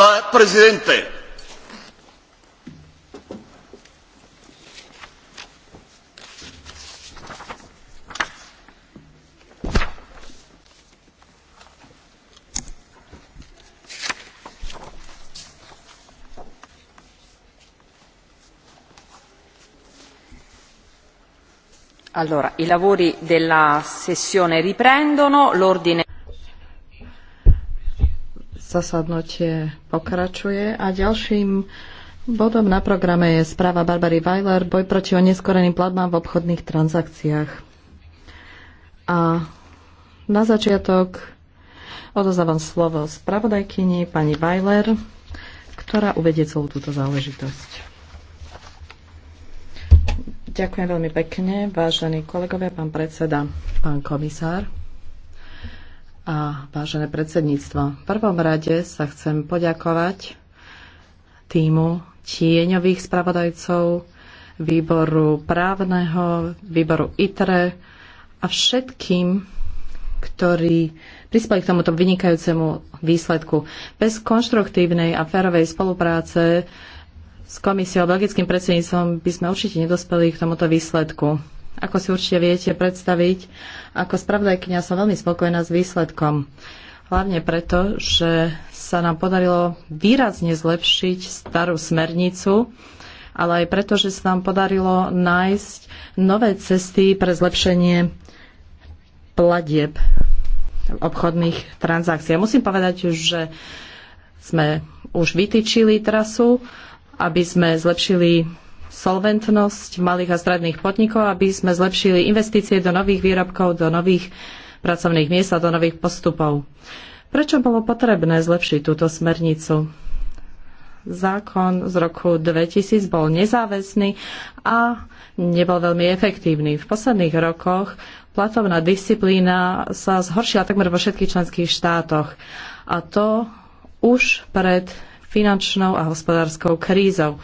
la Presidente. Allora, i lavori della sessione riprendono. L'ordine Zasadnutie pokračuje a ďalším bodom na programe je správa Barbary Weiler Boj proti oneskoreným platbám v obchodných transakciách. A na začiatok odozávam slovo spravodajkyni pani Weiler, ktorá uvedie celú túto záležitosť. Ďakujem veľmi pekne, vážení kolegovia, pán predseda, pán komisár a vážené predsedníctvo. V prvom rade sa chcem poďakovať týmu tieňových spravodajcov, výboru právneho, výboru ITRE a všetkým, ktorí prispeli k tomuto vynikajúcemu výsledku. Bez konštruktívnej a férovej spolupráce s komisiou a belgickým predsedníctvom by sme určite nedospeli k tomuto výsledku. Ako si určite viete predstaviť, ako spravodajkynia som veľmi spokojná s výsledkom. Hlavne preto, že sa nám podarilo výrazne zlepšiť starú smernicu, ale aj preto, že sa nám podarilo nájsť nové cesty pre zlepšenie platieb obchodných transakcií. musím povedať, že sme už vytýčili trasu, aby sme zlepšili solventnosť malých a stredných podnikov, aby sme zlepšili investície do nových výrobkov, do nových pracovných miest a do nových postupov. Prečo bolo potrebné zlepšiť túto smernicu? Zákon z roku 2000 bol nezáväzný a nebol veľmi efektívny. V posledných rokoch platovná disciplína sa zhoršila takmer vo všetkých členských štátoch. A to už pred finančnou a hospodárskou krízou.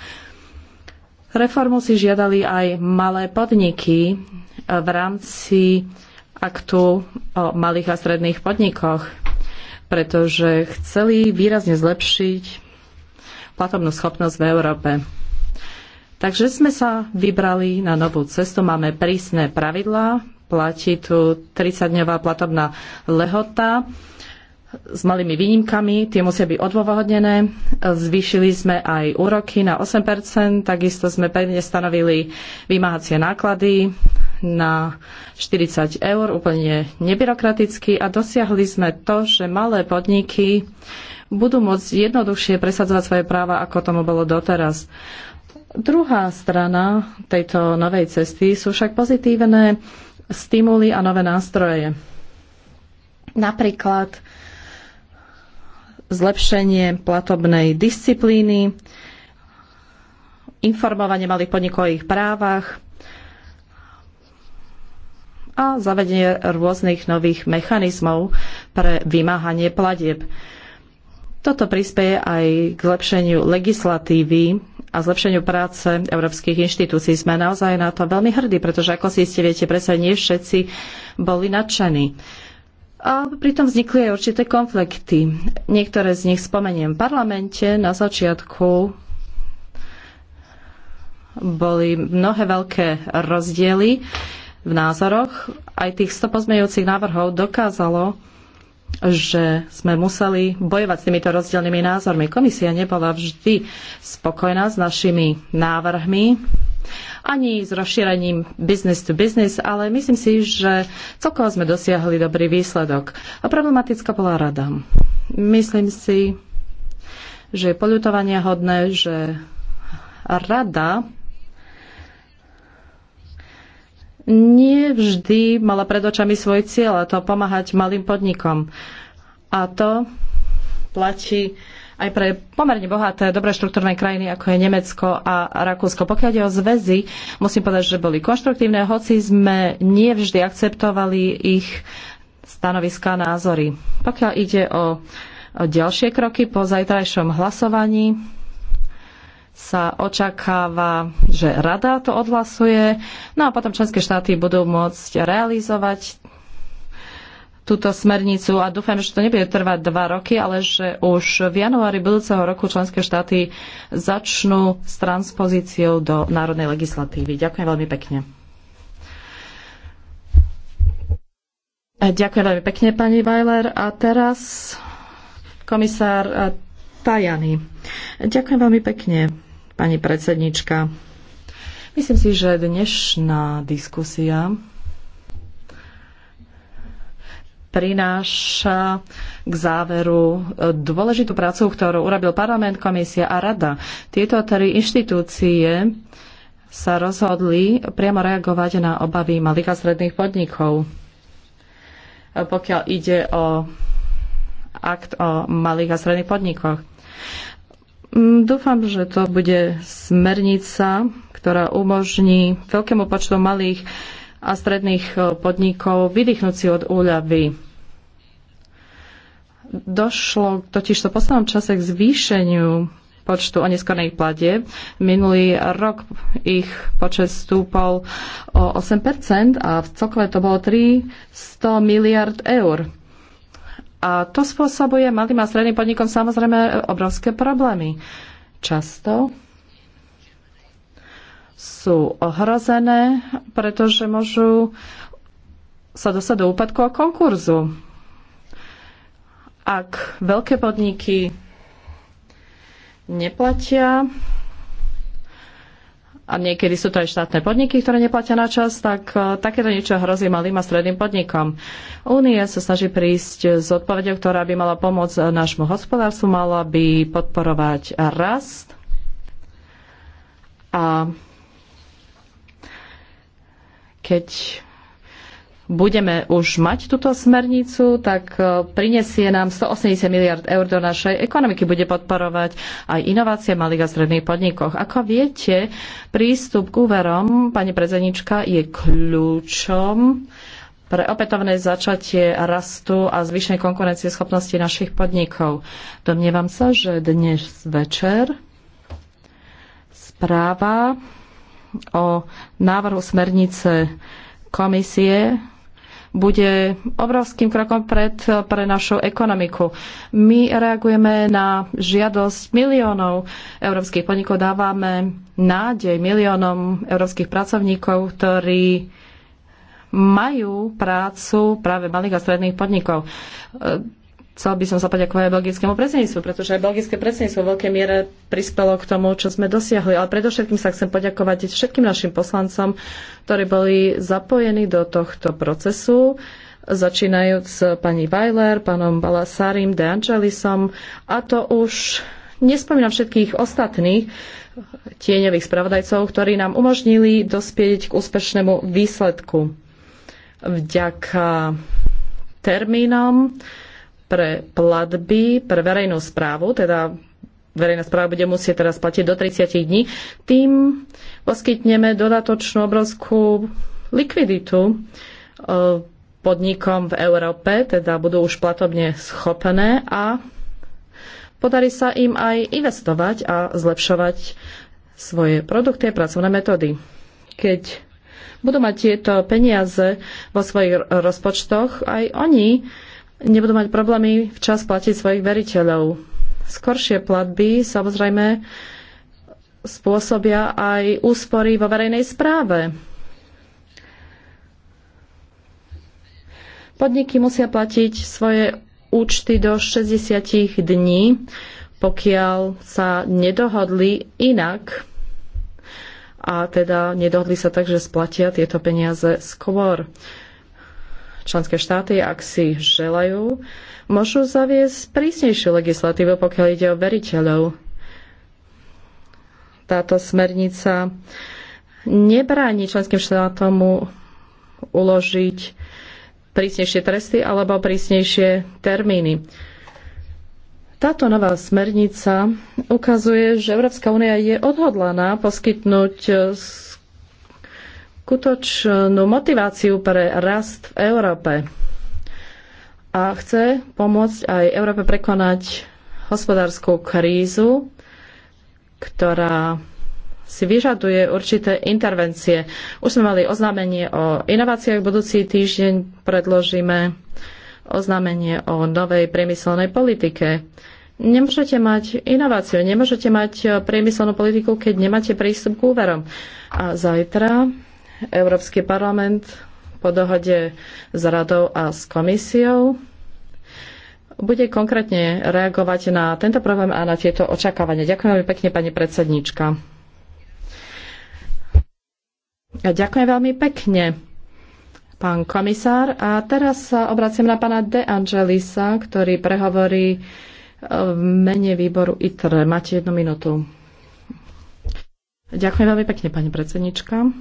Reformu si žiadali aj malé podniky e, v rámci aktu o malých a stredných podnikoch, pretože chceli výrazne zlepšiť platobnú schopnosť v Európe. Takže sme sa vybrali na novú cestu. Máme prísne pravidlá, platí tu 30-dňová platobná lehota s malými výnimkami, tie musia byť odôvodnené. Zvýšili sme aj úroky na 8%, takisto sme pevne stanovili vymáhacie náklady na 40 eur, úplne nebyrokraticky a dosiahli sme to, že malé podniky budú môcť jednoduchšie presadzovať svoje práva, ako tomu bolo doteraz. Druhá strana tejto novej cesty sú však pozitívne stimuly a nové nástroje. Napríklad zlepšenie platobnej disciplíny, informovanie malých podnikov o ich právach a zavedenie rôznych nových mechanizmov pre vymáhanie platieb. Toto prispieje aj k zlepšeniu legislatívy a zlepšeniu práce európskych inštitúcií. Sme naozaj na to veľmi hrdí, pretože ako si ste viete, predsa nie všetci boli nadšení. A pritom vznikli aj určité konflikty. Niektoré z nich spomeniem. V parlamente na začiatku boli mnohé veľké rozdiely v názoroch. Aj tých 100 pozmejúcich návrhov dokázalo, že sme museli bojovať s týmito rozdielnymi názormi. Komisia nebola vždy spokojná s našimi návrhmi ani s rozšírením business to business, ale myslím si, že celkovo sme dosiahli dobrý výsledok. A problematická bola rada. Myslím si, že je poľutovania hodné, že rada nie vždy mala pred očami svoj cieľ, a to pomáhať malým podnikom. A to platí aj pre pomerne bohaté, dobre štruktúrne krajiny, ako je Nemecko a Rakúsko. Pokiaľ ide o zväzy, musím povedať, že boli konštruktívne, hoci sme nie vždy akceptovali ich stanoviská a názory. Pokiaľ ide o, o ďalšie kroky po zajtrajšom hlasovaní, sa očakáva, že rada to odhlasuje, no a potom členské štáty budú môcť realizovať túto smernicu a dúfam, že to nebude trvať dva roky, ale že už v januári budúceho roku členské štáty začnú s transpozíciou do národnej legislatívy. Ďakujem veľmi pekne. Ďakujem veľmi pekne, pani Weiler. A teraz komisár eh, Tajany. Ďakujem veľmi pekne, pani predsednička. Myslím si, že dnešná diskusia prináša k záveru e, dôležitú prácu, ktorú urobil parlament, komisia a rada. Tieto tri inštitúcie sa rozhodli priamo reagovať na obavy malých a stredných podnikov. E, pokiaľ ide o akt o malých a stredných podnikoch. Mm, dúfam, že to bude smernica, ktorá umožní veľkému počtu malých a stredných e, podnikov vydýchnuť si od úľavy. Došlo totiž to poslednom čase k zvýšeniu počtu oneskorných platieb. Minulý rok ich počet stúpol o 8% a v celkové to bolo 300 miliard eur. A to spôsobuje malým a stredným podnikom samozrejme obrovské problémy. Často sú ohrozené, pretože môžu sa dostať do úpadku a konkurzu. Ak veľké podniky neplatia, a niekedy sú to aj štátne podniky, ktoré neplatia na čas, tak e, takéto niečo hrozí malým a stredným podnikom. Únia sa snaží prísť s odpovedou, ktorá by mala pomôcť nášmu hospodárstvu, mala by podporovať rast a keď budeme už mať túto smernicu, tak e, prinesie nám 180 miliard eur do našej ekonomiky. Bude podporovať aj inovácie malých a stredných podnikoch. Ako viete, prístup k úverom, pani prezenička, je kľúčom pre opätovné začatie rastu a konkurencie schopnosti našich podnikov. Domnievam sa, že dnes večer správa o návrhu smernice komisie bude obrovským krokom pred pre našu ekonomiku. My reagujeme na žiadosť miliónov európskych podnikov, dávame nádej miliónom európskych pracovníkov, ktorí majú prácu práve malých a stredných podnikov. Chcel by som sa poďakovať aj belgickému predsedníctvu, pretože aj belgické predsedníctvo vo veľkej miere prispelo k tomu, čo sme dosiahli. Ale predovšetkým sa chcem poďakovať všetkým našim poslancom, ktorí boli zapojení do tohto procesu začínajúc s pani Weiler, pánom Balasarim, De Angelisom a to už nespomínam všetkých ostatných tieňových spravodajcov, ktorí nám umožnili dospieť k úspešnému výsledku. Vďaka termínom, pre platby pre verejnú správu, teda verejná správa bude musieť teraz platiť do 30 dní, tým poskytneme dodatočnú obrovskú likviditu e, podnikom v Európe, teda budú už platobne schopné a podarí sa im aj investovať a zlepšovať svoje produkty a pracovné metódy. Keď budú mať tieto peniaze vo svojich rozpočtoch, aj oni nebudú mať problémy včas platiť svojich veriteľov. Skoršie platby samozrejme spôsobia aj úspory vo verejnej správe. Podniky musia platiť svoje účty do 60 dní, pokiaľ sa nedohodli inak. A teda nedohodli sa tak, že splatia tieto peniaze skôr. Členské štáty, ak si želajú, môžu zaviesť prísnejšiu legislatívu, pokiaľ ide o veriteľov. Táto smernica nebráni členským štátom uložiť prísnejšie tresty alebo prísnejšie termíny. Táto nová smernica ukazuje, že Európska únia je odhodlaná poskytnúť skutočnú motiváciu pre rast v Európe a chce pomôcť aj Európe prekonať hospodárskú krízu, ktorá si vyžaduje určité intervencie. Už sme mali oznámenie o inováciách. Budúci týždeň predložíme oznámenie o novej priemyselnej politike. Nemôžete mať inováciu, nemôžete mať priemyselnú politiku, keď nemáte prístup k úverom. A zajtra Európsky parlament po dohode s radou a s komisiou bude konkrétne reagovať na tento problém a na tieto očakávania. Ďakujem veľmi pekne, pani predsednička. Ja ďakujem veľmi pekne, pán komisár. A teraz sa obraciam na pána De Angelisa, ktorý prehovorí e, v mene výboru ITR. Máte jednu minútu. Ďakujem veľmi pekne, pani predsednička.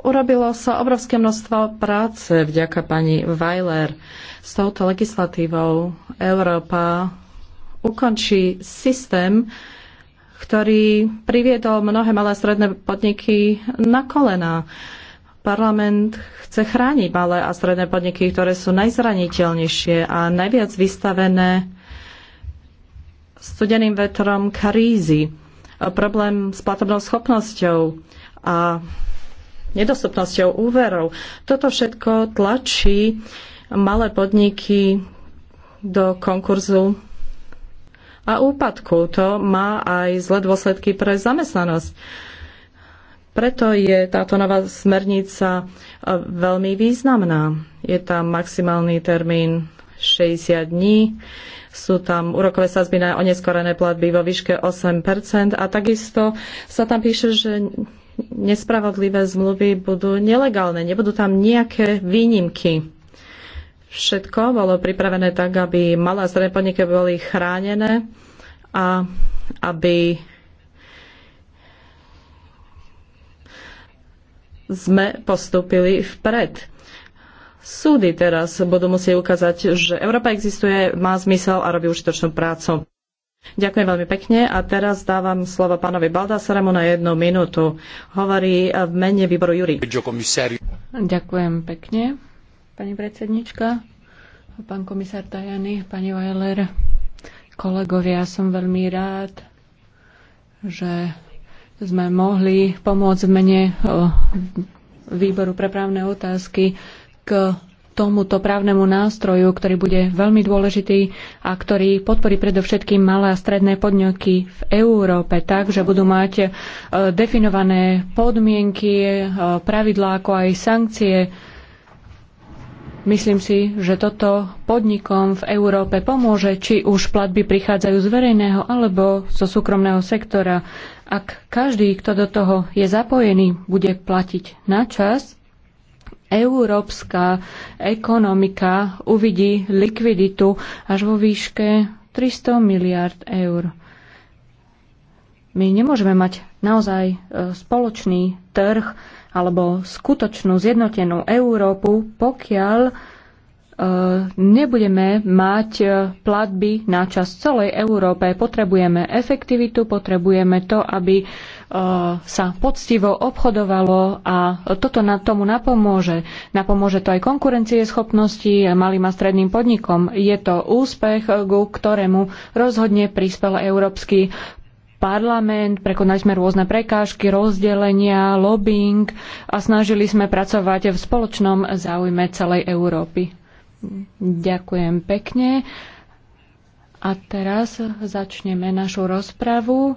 Urobilo sa obrovské množstvo práce vďaka pani Weiler. S touto legislatívou Európa ukončí systém, ktorý priviedol mnohé malé a stredné podniky na kolena. Parlament chce chrániť malé a stredné podniky, ktoré sú najzraniteľnejšie a najviac vystavené studeným vetrom krízy. Problém s platobnou schopnosťou a nedostupnosťou úverov. Toto všetko tlačí malé podniky do konkurzu a úpadku. To má aj zlé dôsledky pre zamestnanosť. Preto je táto nová smernica veľmi významná. Je tam maximálny termín 60 dní, sú tam úrokové sazby na oneskorené platby vo výške 8% a takisto sa tam píše, že nespravodlivé zmluvy budú nelegálne, nebudú tam nejaké výnimky. Všetko bolo pripravené tak, aby malé a stredné podniky boli chránené a aby sme postúpili vpred. Súdy teraz budú musieť ukázať, že Európa existuje, má zmysel a robí užitočnú prácu. Ďakujem veľmi pekne a teraz dávam slovo pánovi Baldasaremu na jednu minútu. Hovorí v mene výboru Júri. Ďakujem pekne, pani predsednička, pán komisár Tajany, pani Weiler, kolegovia, som veľmi rád, že sme mohli pomôcť v mene eh, výboru pre právne otázky k tomuto právnemu nástroju, ktorý bude veľmi dôležitý a ktorý podporí predovšetkým malé a stredné podniky v Európe tak, že budú mať e, definované podmienky, e, pravidlá ako aj sankcie. Myslím si, že toto podnikom v Európe pomôže, či už platby prichádzajú z verejného alebo zo súkromného sektora. Ak každý, kto do toho je zapojený, bude platiť na čas, európska ekonomika uvidí likviditu až vo výške 300 miliard eur. My nemôžeme mať naozaj e, spoločný trh alebo skutočnú zjednotenú Európu, pokiaľ Eh, nebudeme mať eh, platby na čas celej Európe. Potrebujeme efektivitu, potrebujeme to, aby eh, sa poctivo obchodovalo a toto na tomu napomôže. Napomôže to aj konkurencie schopnosti malým a stredným podnikom. Je to úspech, ku ktorému rozhodne prispel Európsky parlament, prekonali sme rôzne prekážky, rozdelenia, lobbying a snažili sme pracovať v spoločnom záujme celej Európy. Ďakujem pekne. A teraz začneme našu rozpravu. E,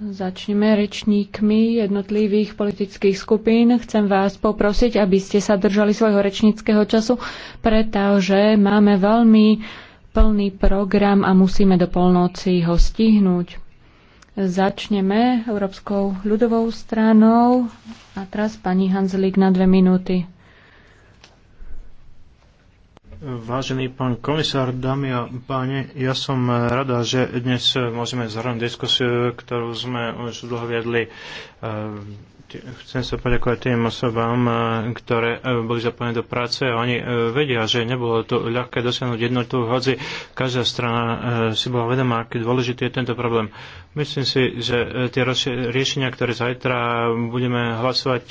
začneme rečníkmi jednotlivých politických skupín. Chcem vás poprosiť, aby ste sa držali svojho rečníckého času, pretože máme veľmi plný program a musíme do polnoci ho stihnúť. Začneme Európskou ľudovou stranou a teraz pani Hanzlík na dve minúty. Vážený pán komisár, dámy a páni, ja som rada, že dnes môžeme zhrnúť diskusiu, ktorú sme už dlho viedli. E, chcem sa poďakovať tým osobám, e, ktoré e, boli zapojené do práce a oni vedia, že nebolo to ľahké dosiahnuť jednotu, hoci každá strana si bola vedomá, aký dôležitý je tento problém. Myslím si, že tie riešenia, ktoré zajtra budeme hlasovať,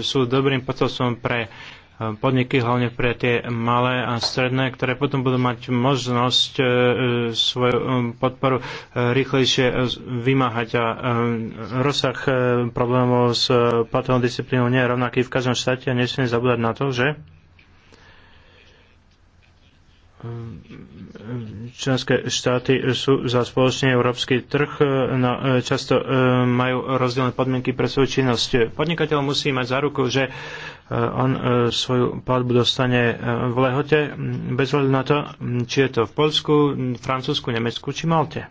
sú dobrým podstavcom pre podniky, hlavne pre tie malé a stredné, ktoré potom budú mať možnosť e, e, svoju e, podporu rýchlejšie vymáhať a rozsah problémov s platovou disciplínou nie je rovnaký v každom štáte a nesmie zabúdať na to, že členské štáty sú za spoločný európsky trh, no, často majú rozdielne podmienky pre svoju činnosť. Podnikateľ musí mať za ruku, že Eh, on eh, svoju platbu dostane eh, v lehote, mm, bez hľadu na to, mm, či je to v Polsku, mm, Francúzsku, Nemecku či Malte.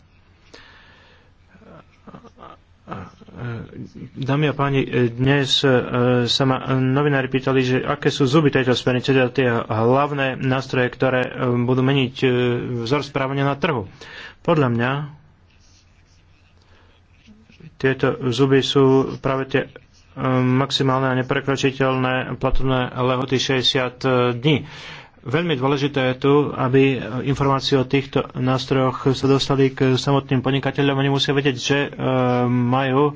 Dámy a páni, dnes sa ma novinári pýtali, že aké sú zuby tejto smernice, teda tie hlavné nástroje, ktoré budú meniť vzor správania na trhu. Podľa mňa tieto zuby sú práve tie maximálne a neprekročiteľné platobné lehoty 60 dní. Veľmi dôležité je tu, aby informácie o týchto nástrojoch sa dostali k samotným podnikateľom. Oni musia vedieť, že e, majú e,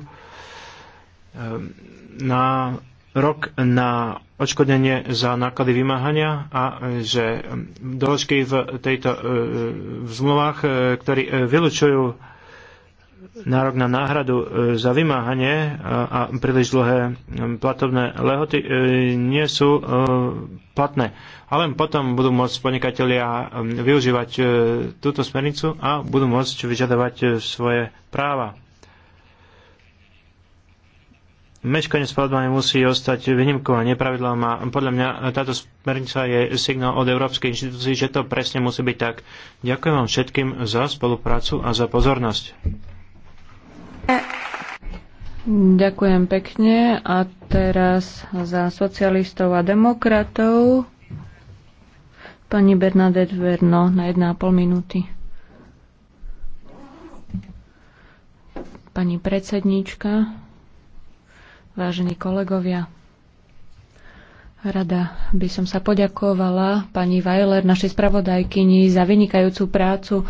na rok na odškodnenie za náklady vymáhania a že doložky v tejto e, v zmluvách, ktorí vylučujú nárok na náhradu e, za vymáhanie e, a príliš dlhé e, platobné lehoty nie sú platné. Ale potom budú môcť podnikatelia využívať túto smernicu a budú môcť vyžadovať svoje práva. Meškanie s platbami musí ostať výnimkou a nepravidlom a podľa mňa táto smernica je signál od Európskej inštitúcii, že to presne musí byť tak. Ďakujem vám všetkým za spoluprácu a za pozornosť. Ďakujem pekne. A teraz za socialistov a demokratov pani Bernadette Verno na 1,5 minúty. Pani predsedníčka, vážení kolegovia, Rada by som sa poďakovala pani Weiler, našej spravodajkyni, za vynikajúcu prácu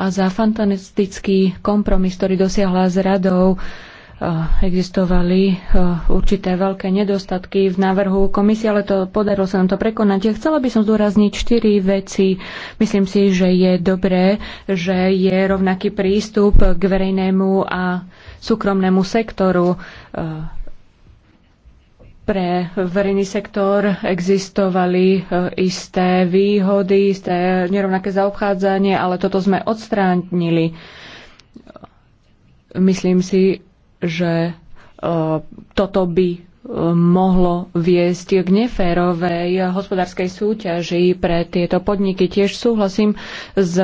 a za fantastický kompromis, ktorý dosiahla s radou, e, existovali e, určité veľké nedostatky v návrhu komisie, ale to podarilo sa nám to prekonať. Ja chcela by som zdôrazniť štyri veci. Myslím si, že je dobré, že je rovnaký prístup k verejnému a súkromnému sektoru e, pre verejný sektor existovali e, isté výhody, isté nerovnaké zaobchádzanie, ale toto sme odstránili. Myslím si, že e, toto by e, mohlo viesť k neférovej hospodárskej súťaži pre tieto podniky. Tiež súhlasím s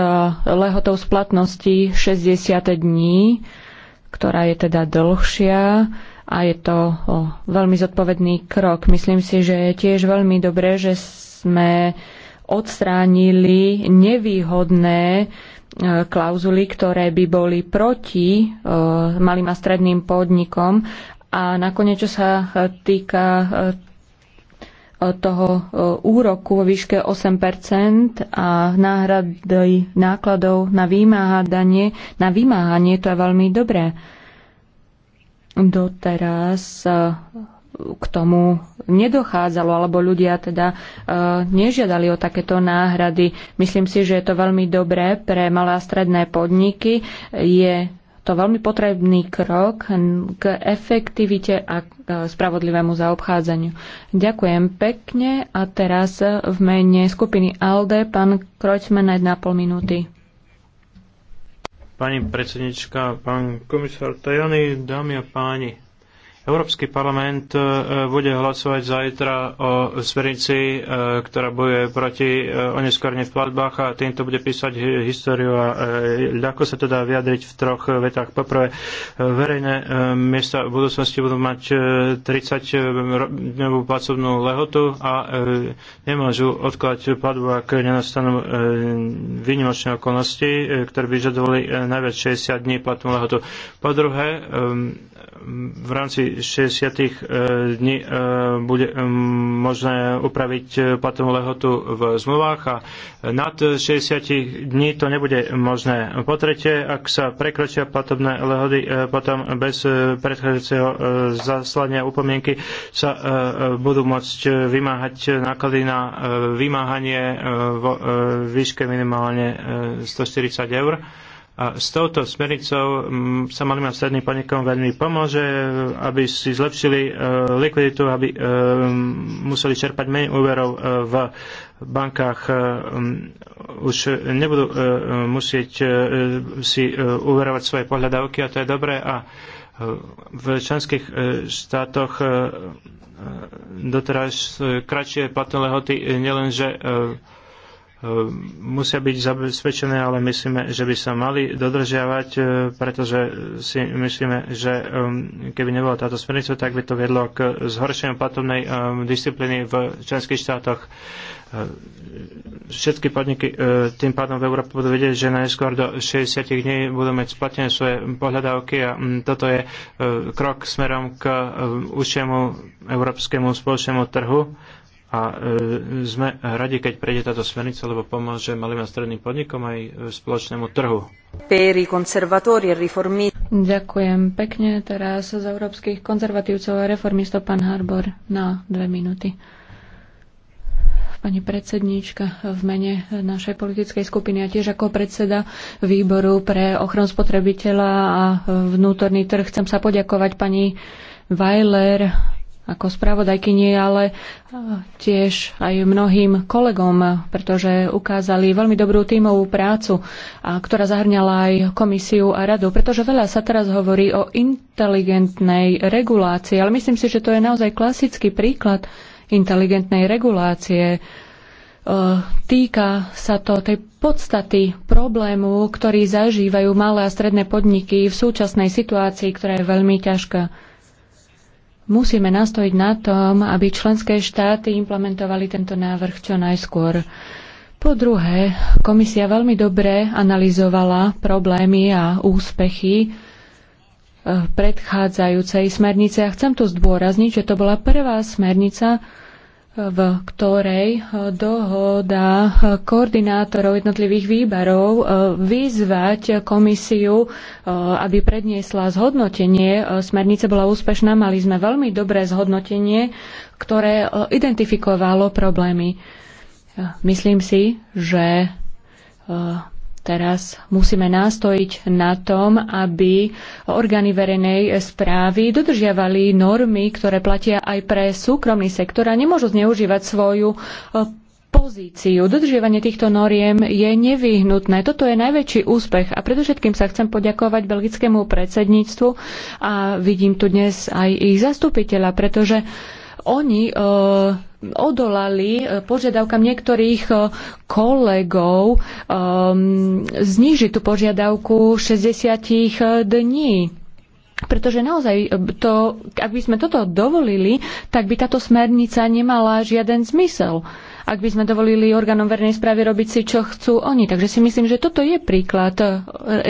lehotou splatnosti 60 dní, ktorá je teda dlhšia a je to veľmi zodpovedný krok. Myslím si, že je tiež veľmi dobré, že sme odstránili nevýhodné e, klauzuly, ktoré by boli proti e, malým a stredným podnikom. A nakoniec, čo sa e, týka toho úroku vo výške 8 a náhrady nákladov na vymáhanie, na vymáhanie to je veľmi dobré doteraz e, k tomu nedochádzalo, alebo ľudia teda e, nežiadali o takéto náhrady. Myslím si, že je to veľmi dobré pre malé a stredné podniky. Je to veľmi potrebný krok k efektivite a k spravodlivému zaobchádzaniu. Ďakujem pekne a teraz v mene skupiny ALDE pán Krojčman na 1,5 minúty. Pani predsednička, pán komisár Tajany, dámy a páni. Európsky parlament e, bude hlasovať zajtra o smernici, e, ktorá bojuje proti e, oneskorne v platbách a týmto bude písať históriu a ľahko sa teda vyjadriť v troch vetách. Poprvé, verejné miesta v budúcnosti budú mať 30-dňovú pracovnú lehotu a nemôžu odkladať platbu, ak nenastanú výnimočné okolnosti, ktoré by žadovali najviac 60 dní platnú lehotu. Po druhé, v rámci 60 eh, dní eh, bude eh, možné upraviť platnú lehotu v zmluvách a nad 60 dní to nebude možné. Po tretie, ak sa prekročia platobné lehody, potom bez predchádzajúceho zaslania upomienky sa budú môcť vymáhať náklady na vymáhanie vo výške minimálne 140 eur a s touto smernicou mm, sa malým a stredným podnikom veľmi pomôže, aby si zlepšili e, likviditu, aby e, museli čerpať menej úverov e, v bankách už nebudú musieť si uverovať svoje pohľadavky a to je dobré a v členských štátoch doteraz kratšie platné lehoty nielenže Ehm, musia byť zabezpečené, ale myslíme, že by sa mali dodržiavať, e, pretože si myslíme, že ehm, keby nebola táto smernica, tak by to viedlo k zhoršeniu platobnej ehm, disciplíny v členských štátoch. Všetky podniky e, tým pádom v Európe budú vedieť, že najskôr do 60 dní budú mať splatené svoje pohľadávky a mm, toto je e, krok smerom k užšiemu európskemu spoločnému trhu a e, sme radi, keď prejde táto smernica, lebo pomôže malým a stredným podnikom aj e, spoločnému trhu. Ďakujem pekne teraz z európskych konzervatívcov a reformistov pán Harbor na dve minúty. Pani predsedníčka, v mene našej politickej skupiny a tiež ako predseda výboru pre ochranu spotrebiteľa a vnútorný trh chcem sa poďakovať pani Weiler ako spravodajkyni, ale eh, tiež aj mnohým kolegom, pretože ukázali veľmi dobrú tímovú prácu, ktorá zahrňala aj komisiu a radu, pretože veľa sa teraz hovorí o inteligentnej regulácii, ale myslím si, že to je naozaj klasický príklad inteligentnej regulácie, eh, týka sa to tej podstaty problému, ktorý zažívajú malé a stredné podniky v súčasnej situácii, ktorá je veľmi ťažká. Musíme nastojiť na tom, aby členské štáty implementovali tento návrh čo najskôr. Po druhé, komisia veľmi dobre analyzovala problémy a úspechy eh, predchádzajúcej smernice a chcem tu zdôrazniť, že to bola prvá smernica, v ktorej eh, dohoda eh, koordinátorov jednotlivých výbarov eh, vyzvať komisiu, aby predniesla zhodnotenie. Smernica bola úspešná, mali sme veľmi dobré zhodnotenie, ktoré identifikovalo problémy. Myslím si, že Teraz musíme nástojiť na tom, aby orgány verejnej správy dodržiavali normy, ktoré platia aj pre súkromný sektor a nemôžu zneužívať svoju e, pozíciu. Dodržiavanie týchto noriem je nevyhnutné. Toto je najväčší úspech a predovšetkým sa chcem poďakovať belgickému predsedníctvu a vidím tu dnes aj ich zastupiteľa, pretože uh, oni e, odolali e, požiadavkám niektorých e, kolegov znižiť tú požiadavku 60 dní. Pretože naozaj, to, ak by sme toto dovolili, tak by táto smernica nemala žiaden zmysel ak by sme dovolili orgánom verejnej správy robiť si, čo chcú oni. Takže si myslím, že toto je príklad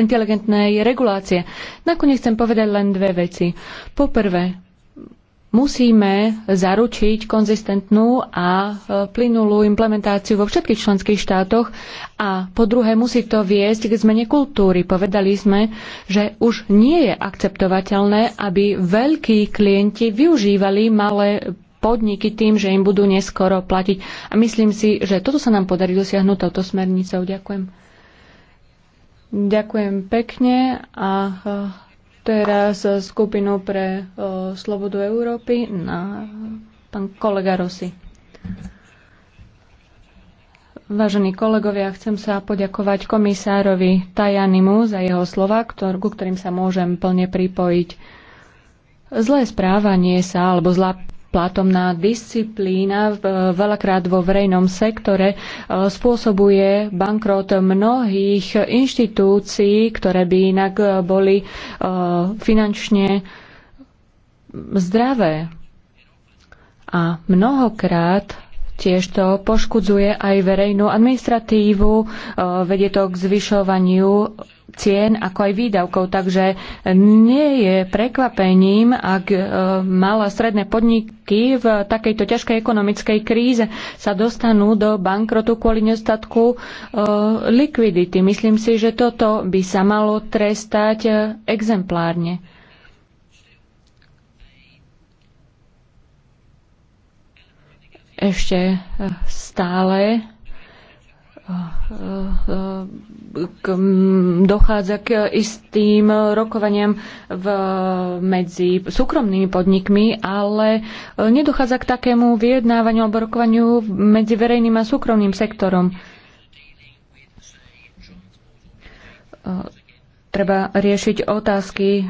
inteligentnej regulácie. Nakoniec chcem povedať len dve veci. Poprvé, musíme zaručiť konzistentnú a e, plynulú implementáciu vo všetkých členských štátoch a po druhé musí to viesť k zmene kultúry. Povedali sme, že už nie je akceptovateľné, aby veľkí klienti využívali malé podniky tým, že im budú neskoro platiť. A myslím si, že toto sa nám podarí dosiahnuť touto smernicou. Ďakujem. Ďakujem pekne a e, teraz eh, skupinu pre o, eh, slobodu Európy na eh, pán kolega Rosy. Vážení kolegovia, chcem sa poďakovať komisárovi Tajanimu za jeho slova, ktor- ku ktorým sa môžem plne pripojiť. Zlé správanie sa alebo zlá platomná disciplína veľakrát vo verejnom sektore e, spôsobuje bankrot mnohých inštitúcií, ktoré by inak e, boli e, finančne zdravé. A mnohokrát Tiež to poškudzuje aj verejnú administratívu, e, vedie to k zvyšovaniu cien ako aj výdavkov. Takže nie je prekvapením, ak e, malé a stredné podniky v takejto ťažkej ekonomickej kríze sa dostanú do bankrotu kvôli nedostatku e, likvidity. Myslím si, že toto by sa malo trestať exemplárne. ešte eh, stále eh, eh, dochádza k istým rokovaniam v, medzi súkromnými podnikmi, ale nedochádza k takému vyjednávaniu alebo rokovaniu medzi verejným a súkromným sektorom treba riešiť otázky e,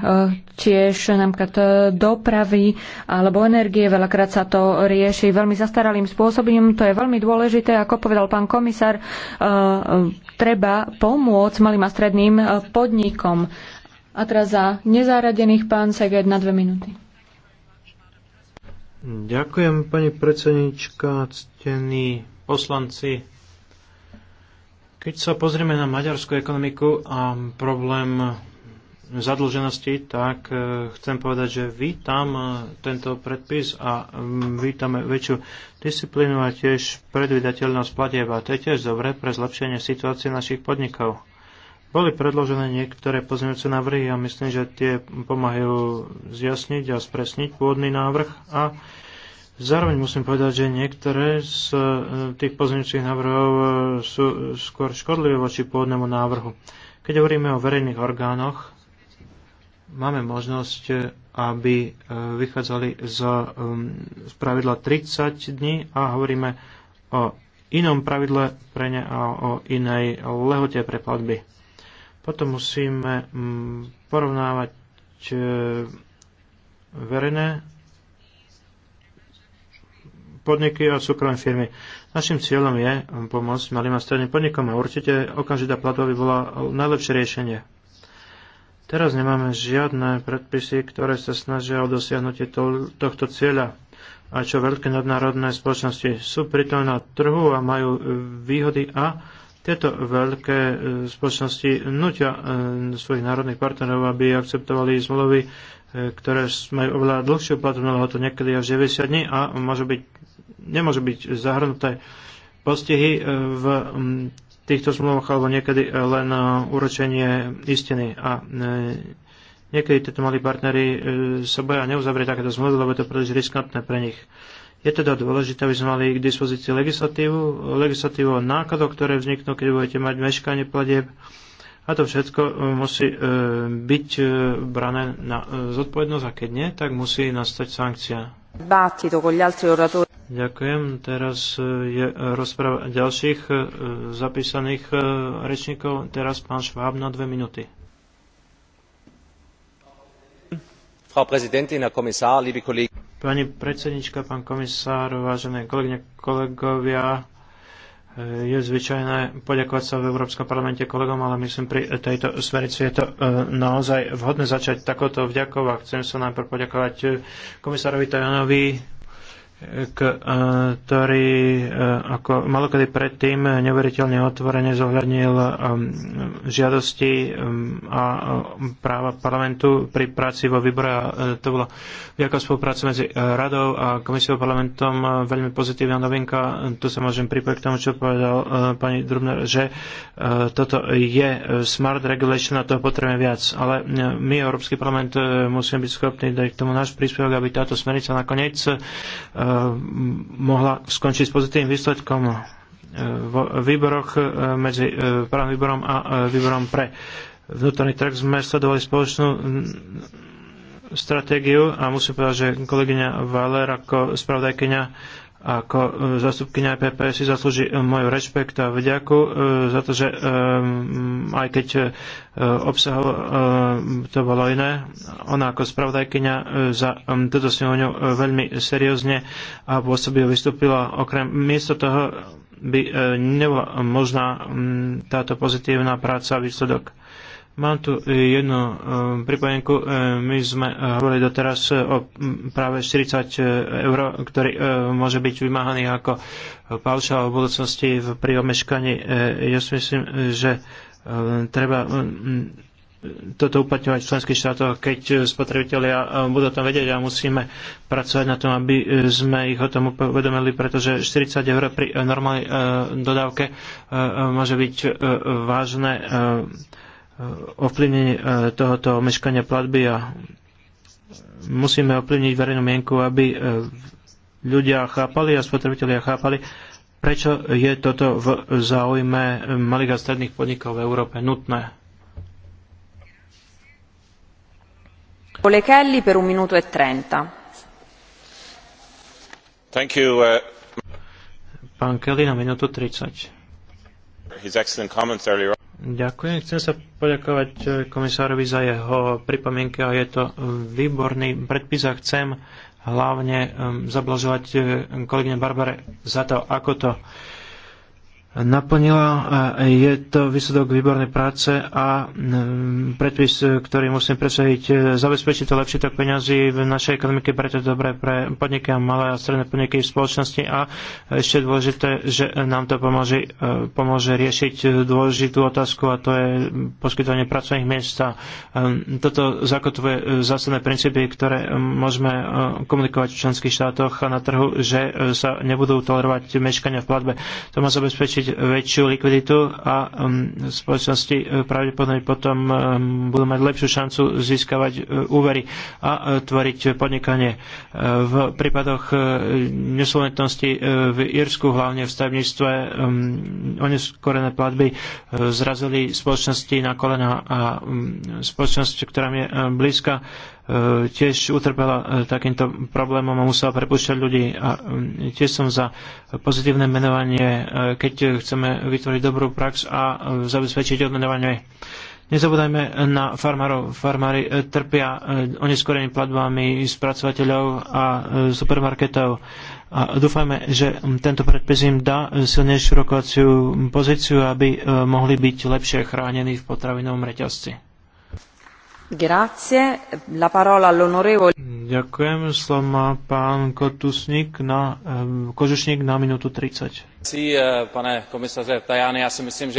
tiež napríklad e, dopravy alebo energie. Veľakrát sa to rieši veľmi zastaralým spôsobom. To je veľmi dôležité. Ako povedal pán komisár, e, treba pomôcť malým a stredným podnikom. A teraz za nezaradených pán Seged na dve minúty. Ďakujem, pani predsednička, ctení poslanci keď sa pozrieme na maďarskú ekonomiku a problém zadlženosti, tak e, chcem povedať, že vítam e, tento predpis a vítame väčšiu disciplínu a tiež predvydateľnosť platieb. A to je tiež dobre pre zlepšenie situácie našich podnikov. Boli predložené niektoré pozmeňujúce návrhy a myslím, že tie pomáhajú zjasniť a spresniť pôvodný návrh a Zároveň musím povedať, že niektoré z e, tých pozmeňujúcich návrhov e, sú skôr škodlivé voči pôvodnému návrhu. Keď hovoríme o verejných orgánoch, máme možnosť, e, aby vychádzali z, um, z pravidla 30 dní a hovoríme o inom pravidle pre ne a o inej lehote pre platby. Potom musíme mm, porovnávať verejné podniky a súkromné firmy. Našim cieľom je um, pomôcť malým a stredným podnikom a určite okamžitá platba by bola najlepšie riešenie. Teraz nemáme žiadne predpisy, ktoré sa snažia o dosiahnutie to, tohto cieľa. A čo veľké nadnárodné spoločnosti sú pritom na trhu a majú e, výhody a tieto veľké e, spoločnosti nutia e, svojich národných partnerov, aby akceptovali zmluvy, ktoré majú oveľa dlhšiu platobnú lehotu, no niekedy až 90 dní a môžu byť nemôže byť zahrnuté postihy e, v týchto zmluvách alebo niekedy len uročenie e, istiny. A e, niekedy tieto malí partnery sa boja neuzavrieť takéto zmluvy, lebo je to príliš riskantné pre nich. Je teda dôležité, aby sme mali k dispozícii legislatívu, legislatívu o nákladoch, ktoré vzniknú, keď budete mať meškanie platieb. A to všetko musí byť brané na zodpovednosť a keď nie, tak musí nastať sankcia. Ďakujem. Teraz eh, je eh, rozpráva ďalších eh, zapísaných rečníkov. Teraz pán Šváb na dve minúty. Frau Präsidentin, Herr Kommissar, liebe Pani predsednička, pán komisár, vážené kolegyne, kolegovia, je zvyčajné poďakovať sa v Európskom parlamente kolegom, ale myslím, pri tejto smerici je to e, naozaj vhodné začať takoto vďakov a chcem sa najprv poďakovať e, komisárovi Tajanovi ktorý eh, ako malokedy predtým neuveriteľne otvorene zohľadnil eh, žiadosti eh, a práva parlamentu pri práci vo výbore a to bola vďaka spolupráca medzi radou a komisiou parlamentom veľmi pozitívna novinka. Tu sa môžem pripojiť k tomu, čo povedal pani Drubner, že toto je smart regulation a toho potrebujeme viac. Ale my, Európsky parlament, musíme byť schopní dať k tomu náš príspevok, aby táto smernica nakoniec Eh, mohla skončiť s pozitívnym výsledkom eh, v výboroch eh, medzi právnym výborom a výborom pre vnútorný trh sme sledovali spoločnú stratégiu a musím povedať, že kolegyňa Valer ako spravodajkyňa ako e, zastupkynia EPP si zaslúži e, môj rešpekt a vďaku e, za to, že aj keď obsahov to bolo iné, ona ako spravodajkynia za túto snemovňu veľmi seriózne a pôsobilo vystúpila. Okrem miesto toho by nebola možná táto pozitívna práca a výsledok Mám tu e, jednu e, pripomienku. E, my sme hovorili doteraz o práve 40 eur, ktorý môže byť vymáhaný ako pauša o budúcnosti pri omeškaní. Ja si myslím, že treba toto uplatňovať v členských štátoch, keď spotrebitelia budú tam vedieť a musíme pracovať na tom, aby sme ich o tom uvedomili, pretože 40 eur pri normálnej dodávke môže byť vážne ovplyvnenie e, tohoto meškania platby a musíme ovplyvniť verejnú mienku, aby e, ľudia chápali a spotrebitelia chápali, prečo je toto v záujme malých a stredných podnikov v Európe nutné. Kelly per un minuto e 30. Thank you, uh... Pán Kelly na minútu 30. His excellent comments earlier Ďakujem. Chcem sa poďakovať eh, komisárovi za jeho pripomienky a je to výborný predpis a chcem hlavne ehm, zablažovať eh, kolegyne Barbare za to, ako to naplnila. E, je to výsledok výbornej práce a mm, predpis, ktorý musím presadiť, e, zabezpečiť to lepší tok peňazí v našej ekonomike, preto je dobré pre podniky a malé a stredné podniky v spoločnosti a ešte dôležité, že nám to pomôže, e, pomôže riešiť dôležitú otázku a to je poskytovanie pracovných miest a toto zakotvuje zásadné princípy, ktoré môžeme komunikovať v členských štátoch a na trhu, že sa nebudú tolerovať meškania v platbe. To má zabezpečiť zabezpečiť väčšiu likviditu a um, spoločnosti e, pravdepodobne potom e, budú mať lepšiu šancu získavať e, úvery a tvoriť podnikanie. V prípadoch nesolventnosti v Írsku, hlavne v stavebníctve, um, oneskorené platby zrazili spoločnosti na kolena a um, spoločnosť, ktorá mi je blízka, E, tiež utrpela e, takýmto problémom a musela prepúšťať ľudí. A e, tiež som za pozitívne menovanie, keď chceme vytvoriť dobrú prax a zabezpečiť odmenovanie. Nezabúdajme na farmárov. Farmári trpia oneskorenými platbami spracovateľov a supermarketov. A dúfajme, že tento predpis im dá silnejšiu rokovaciu pozíciu, aby mohli byť lepšie chránení v potravinovom reťazci. Ďakujem, slovo má pán na, um, na minútu 30. Eh, pane Tajany, ja si myslím, že...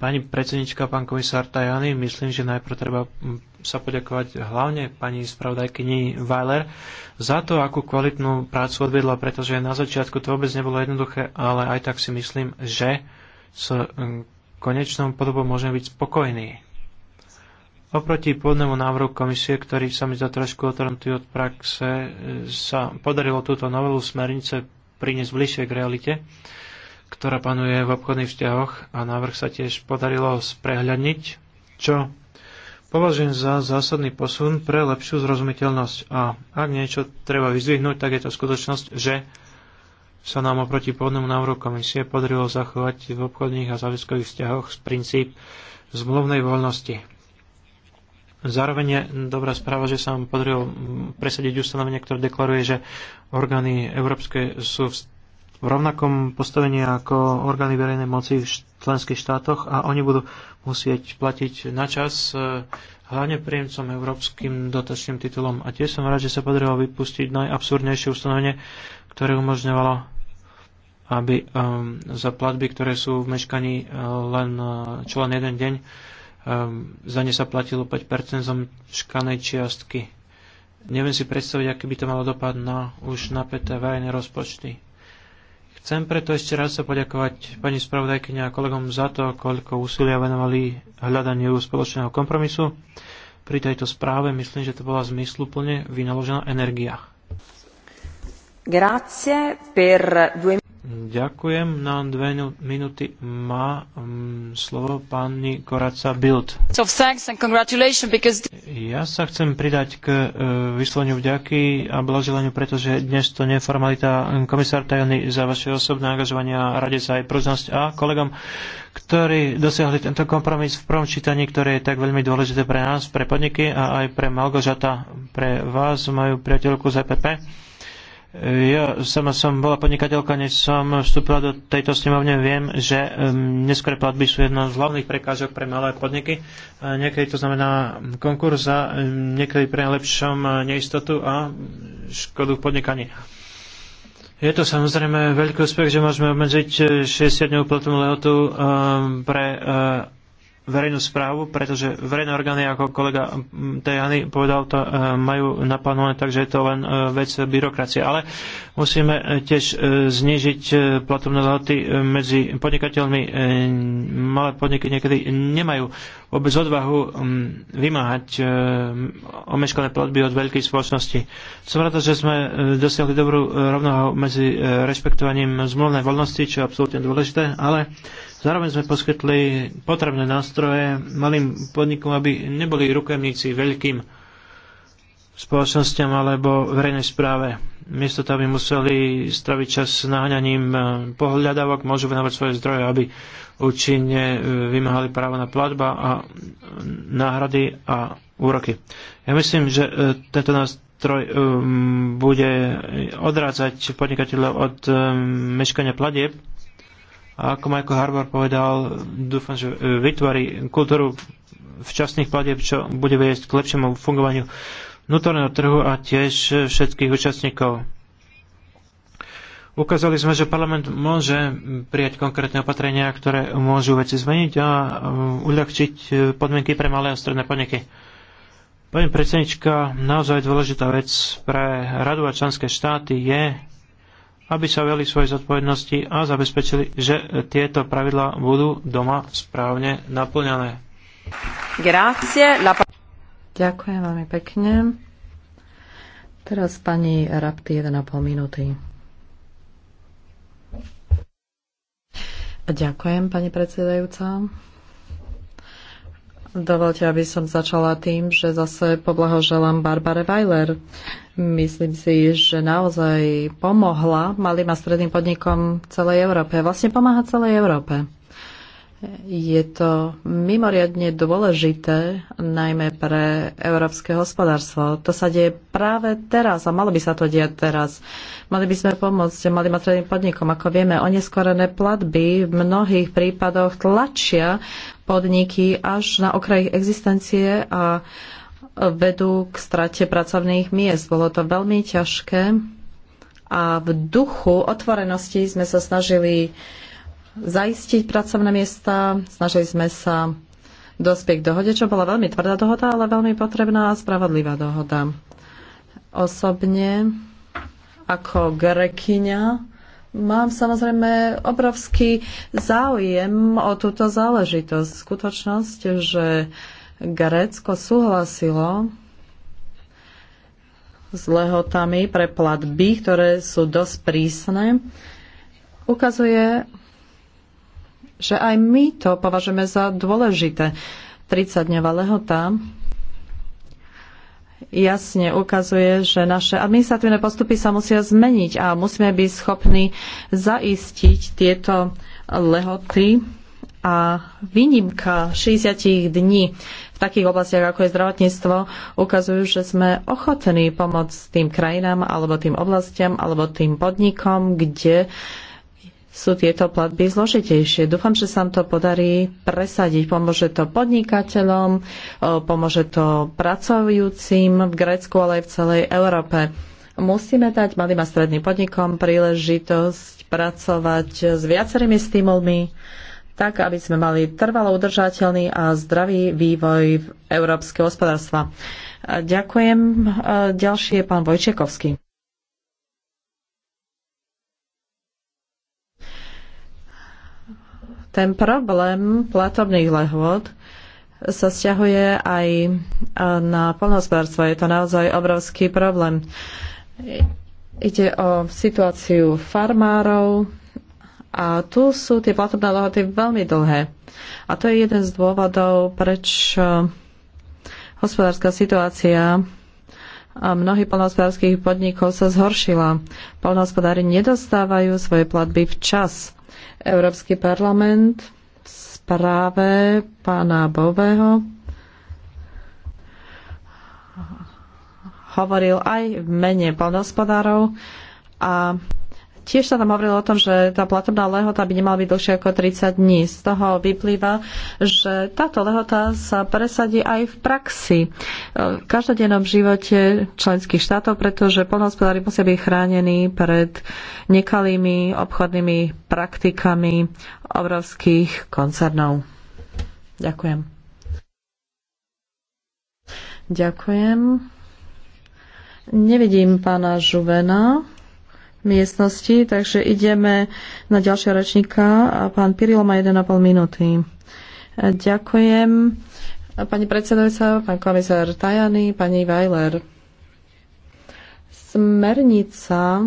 Pani predsednička, pán komisár Tajany, myslím, že najprv treba hm, sa poďakovať hlavne pani spravodajkyni Weiler za to, akú kvalitnú prácu odvedla, pretože na začiatku to vôbec nebolo jednoduché, ale aj tak si myslím, že s hm, konečnou podobou môžeme byť spokojní. Oproti pôvodnému návrhu komisie, ktorý sa mi za trošku otrhnutý od praxe, e, sa podarilo túto novelu smernice priniesť bližšie k realite, ktorá panuje v obchodných vzťahoch a návrh sa tiež podarilo sprehľadniť, čo považujem za zásadný posun pre lepšiu zrozumiteľnosť. A ak niečo treba vyzvihnúť, tak je to skutočnosť, že sa nám oproti pôvodnému návrhu komisie podarilo zachovať v obchodných a záväzkových vzťahoch z princíp zmluvnej voľnosti Zároveň je dobrá správa, že sa vám podarilo presadiť ustanovenie, ktoré deklaruje, že orgány európske sú v rovnakom postavení ako orgány verejnej moci v členských štátoch a oni budú musieť platiť na čas e, hlavne príjemcom európskym dotačným titulom. A tiež som rád, že sa podarilo vypustiť najabsurdnejšie ustanovenie, ktoré umožňovalo aby um, za platby, ktoré sú v meškaní e, len uh, čo len jeden deň, Ehm, za ne sa platilo 5% zomškanej čiastky. Neviem si predstaviť, aký by to malo dopad na už napäté verejné rozpočty. Chcem preto ešte raz sa poďakovať pani spravodajkyni a kolegom za to, koľko úsilia venovali hľadaniu spoločného kompromisu. Pri tejto správe myslím, že to bola zmysluplne vynaložená energia. Grazie per due... Ďakujem. Na dve minúty má um, slovo pani Koraca Bild. So because... Ja sa chcem pridať k uh, vysloveniu vďaky a blaželeniu, pretože dnes to neformalita komisár Tajony za vaše osobné angažovania, rade sa aj prúznosť a kolegom, ktorí dosiahli tento kompromis v prvom čítaní, ktoré je tak veľmi dôležité pre nás, pre podniky a aj pre Malgožata, pre vás, moju priateľku z EPP ja sama som bola podnikateľka, než som vstúpila do tejto snemovne. Viem, že neskore platby sú jedna z hlavných prekážok pre malé podniky. Niekedy to znamená konkurs a niekedy pre lepšom neistotu a škodu v podnikaní. Je to samozrejme veľký úspech, že môžeme obmedziť 60 dňovú platnú lehotu pre verejnú správu, pretože verejné orgány, ako kolega Tejany povedal, to e, majú naplánované, takže je to len e, vec byrokracie. Ale musíme tiež e, znižiť platobné zahoty medzi podnikateľmi. Malé podniky niekedy nemajú vôbec odvahu vymáhať omeškané platby od veľkých spoločností. Som rád, že sme dosiahli dobrú rovnohu medzi rešpektovaním zmluvnej voľnosti, čo je absolútne dôležité, ale Zároveň sme poskytli potrebné nástroje malým podnikom, aby neboli rukojemníci veľkým spoločnosťam alebo verejnej správe. Miesto toho, by museli straviť čas s naháňaním eh, pohľadávok, môžu venovať svoje zdroje, aby účinne eh, vymáhali právo na platba a náhrady a úroky. Ja myslím, že eh, tento nástroj bude odrádzať podnikateľov od meškania platieb a ako Michael Harbour povedal, dúfam, že e, vytvorí kultúru včasných platieb, čo bude viesť k lepšiemu fungovaniu vnútorného trhu a tiež všetkých účastníkov. Ukázali sme, že parlament môže prijať konkrétne opatrenia, ktoré môžu veci zmeniť a e, uľahčiť e, podmienky pre malé a stredné podniky. Pani predsednička, naozaj dôležitá vec pre radu a členské štáty je aby sa veli svoje zodpovednosti a zabezpečili, že tieto pravidlá budú doma správne naplňané. Grazie. La... Ďakujem veľmi pekne. Teraz pani Rapti 1,5 minúty. Ďakujem, pani predsedajúca. Dovolte, aby som začala tým, že zase poblahoželám Barbare Weiler myslím si, že naozaj pomohla malým a stredným podnikom celej Európe. Vlastne pomáha celej Európe. Je to mimoriadne dôležité, najmä pre európske hospodárstvo. To sa deje práve teraz a malo by sa to diať teraz. Mali by sme pomôcť malým a stredným podnikom. Ako vieme, oneskorené platby v mnohých prípadoch tlačia podniky až na okraj existencie a vedú k strate pracovných miest. Bolo to veľmi ťažké a v duchu otvorenosti sme sa snažili zaistiť pracovné miesta, snažili sme sa dospieť k dohode, čo bola veľmi tvrdá dohoda, ale veľmi potrebná a spravodlivá dohoda. Osobne ako grekyňa mám samozrejme obrovský záujem o túto záležitosť. Skutočnosť, že uh, Grécko súhlasilo s lehotami pre platby, ktoré sú dosť prísne, ukazuje, že aj my to považujeme za dôležité. 30-dňová lehota jasne ukazuje, že naše administratívne postupy sa musia zmeniť a musíme byť schopní zaistiť tieto lehoty a výnimka 60 dní v takých oblastiach, ako je zdravotníctvo, ukazujú, že sme ochotní pomôcť tým krajinám, alebo tým oblastiam, alebo tým podnikom, kde sú tieto platby zložitejšie. Dúfam, že sa nám to podarí presadiť. Pomôže to podnikateľom, e, pomôže to pracujúcim v Grécku, ale aj v celej Európe. Musíme dať malým a stredným podnikom príležitosť pracovať s viacerými stimulmi, tak aby sme mali trvalo udržateľný a zdravý vývoj európskeho hospodárstva. Ďakujem. Ďalší je pán Vojčekovský. Ten problém platobných lehôd sa stiahuje aj na polnohospodárstvo. Je to naozaj obrovský problém. Ide o situáciu farmárov, a tu sú tie platobné dohody veľmi dlhé. A to je jeden z dôvodov, prečo hospodárska situácia a mnohých polnohospodárských podnikov sa zhoršila. Polnohospodári nedostávajú svoje platby včas. Európsky parlament v správe pána Bového hovoril aj v mene polnohospodárov a Tiež sa tam hovorilo o tom, že tá platobná lehota by nemala byť dlhšia ako 30 dní. Z toho vyplýva, že táto lehota sa presadí aj v praxi e, v každodennom živote členských štátov, pretože polnohospodári musia byť chránení pred nekalými obchodnými praktikami obrovských koncernov. Ďakujem. Ďakujem. Nevidím pána Žuvena miestnosti, takže ideme na ďalšieho rečníka. Pán Pirilo má 1,5 minúty. Ďakujem. Pani predsedajúca, pán komisár Tajany, pani Weiler. Smernica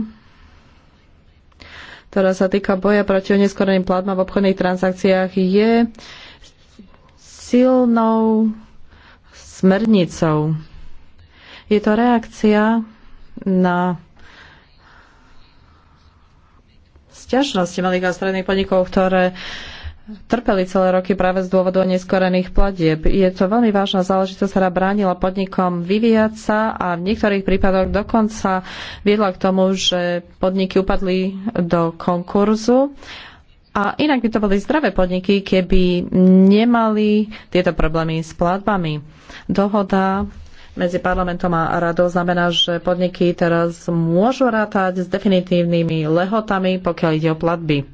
ktorá sa týka boja proti oneskoreným platbám v obchodných transakciách, je silnou smernicou. Je to reakcia na sťažnosti malých a stredných podnikov, ktoré trpeli celé roky práve z dôvodu neskorených platieb. Je to veľmi vážna záležitosť, ktorá bránila podnikom vyvíjať sa a v niektorých prípadoch dokonca viedla k tomu, že podniky upadli do konkurzu. A inak by to boli zdravé podniky, keby nemali tieto problémy s platbami. Dohoda medzi parlamentom a radou znamená, že podniky teraz môžu rátať s definitívnymi lehotami, pokiaľ ide o platby.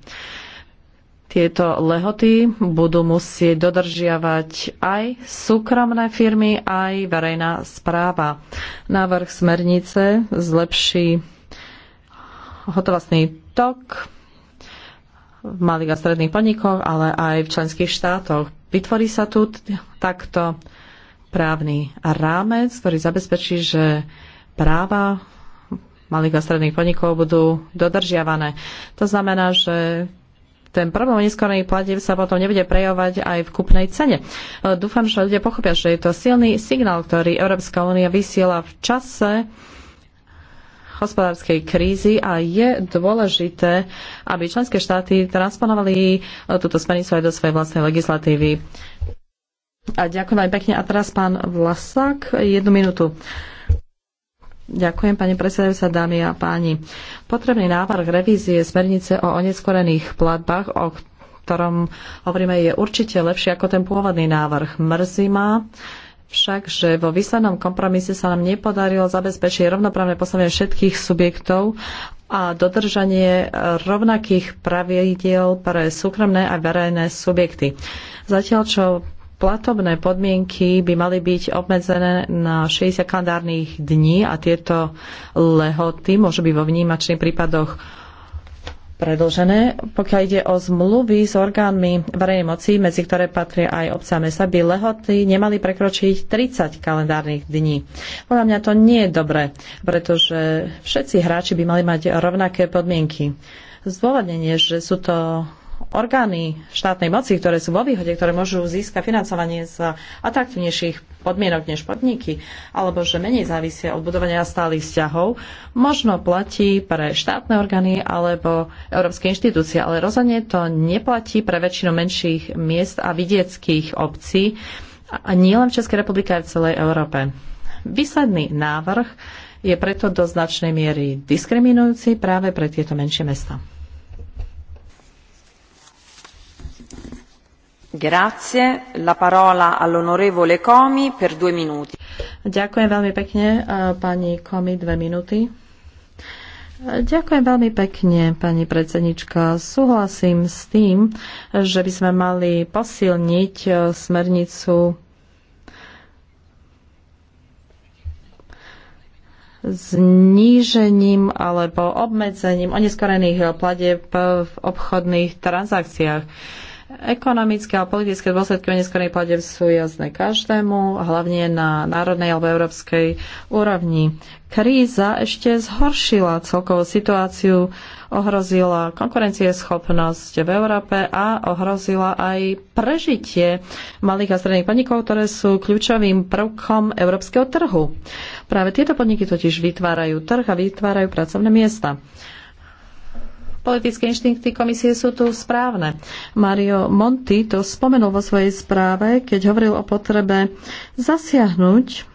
Tieto lehoty budú musieť dodržiavať aj súkromné firmy, aj verejná správa. Návrh smernice zlepší hotovostný tok v malých a stredných podnikoch, ale aj v členských štátoch. Vytvorí sa tu takto právny rámec, ktorý zabezpečí, že práva malých a stredných podnikov budú dodržiavané. To znamená, že ten problém neskornej platieb sa potom nebude prejavovať aj v kupnej cene. E, dúfam, že ľudia pochopia, že je to silný signál, ktorý Európska únia vysiela v čase hospodárskej krízy a je dôležité, aby členské štáty transponovali e, túto smernicu aj do svojej vlastnej legislatívy. A ďakujem veľmi pekne. A teraz pán Vlasák, jednu minútu. Ďakujem, pani predsedajúca, dámy a páni. Potrebný návrh revízie smernice o oneskorených platbách, o ktorom hovoríme, je určite lepšie ako ten pôvodný návrh. Mrzí ma, však, že vo výslednom kompromise sa nám nepodarilo zabezpečiť rovnoprávne postavenie všetkých subjektov a dodržanie rovnakých pravidiel pre súkromné a verejné subjekty. Zatiaľ, čo platobné podmienky by mali byť obmedzené na 60 kalendárnych dní a tieto lehoty môžu byť vo vnímačných prípadoch predlžené. Pokiaľ ide o zmluvy s orgánmi verejnej moci, medzi ktoré patria aj obce a mesa, by lehoty nemali prekročiť 30 kalendárnych dní. Podľa mňa to nie je dobre, pretože všetci hráči by mali mať rovnaké podmienky. Zdôvodnenie, že sú to orgány štátnej moci, ktoré sú vo výhode, ktoré môžu získať financovanie za atraktívnejších podmienok než podniky, alebo že menej závisia od budovania stálych vzťahov, možno platí pre štátne orgány alebo európske inštitúcie, ale rozhodne to neplatí pre väčšinu menších miest a vidieckých obcí, a nie len v Českej republike, aj v celej Európe. Výsledný návrh je preto do značnej miery diskriminujúci práve pre tieto menšie mesta. Ďakujem veľmi pekne, eh, pani Komi, dve minúty. Eh, ďakujem veľmi pekne, pani predsednička. Súhlasím s tým, že by sme mali posilniť eh, smernicu znížením alebo obmedzením oneskorených pladeb v obchodných transakciách. Ekonomické a politické dôsledky neskorej pladeb sú jasné každému, hlavne na národnej alebo európskej úrovni. Kríza ešte zhoršila celkovú situáciu, ohrozila konkurencieschopnosť v Európe a ohrozila aj prežitie malých a stredných podnikov, ktoré sú kľúčovým prvkom európskeho trhu. Práve tieto podniky totiž vytvárajú trh a vytvárajú pracovné miesta. Politické inštinkty komisie sú tu správne. Mario Monti to spomenul vo svojej správe, keď hovoril o potrebe zasiahnuť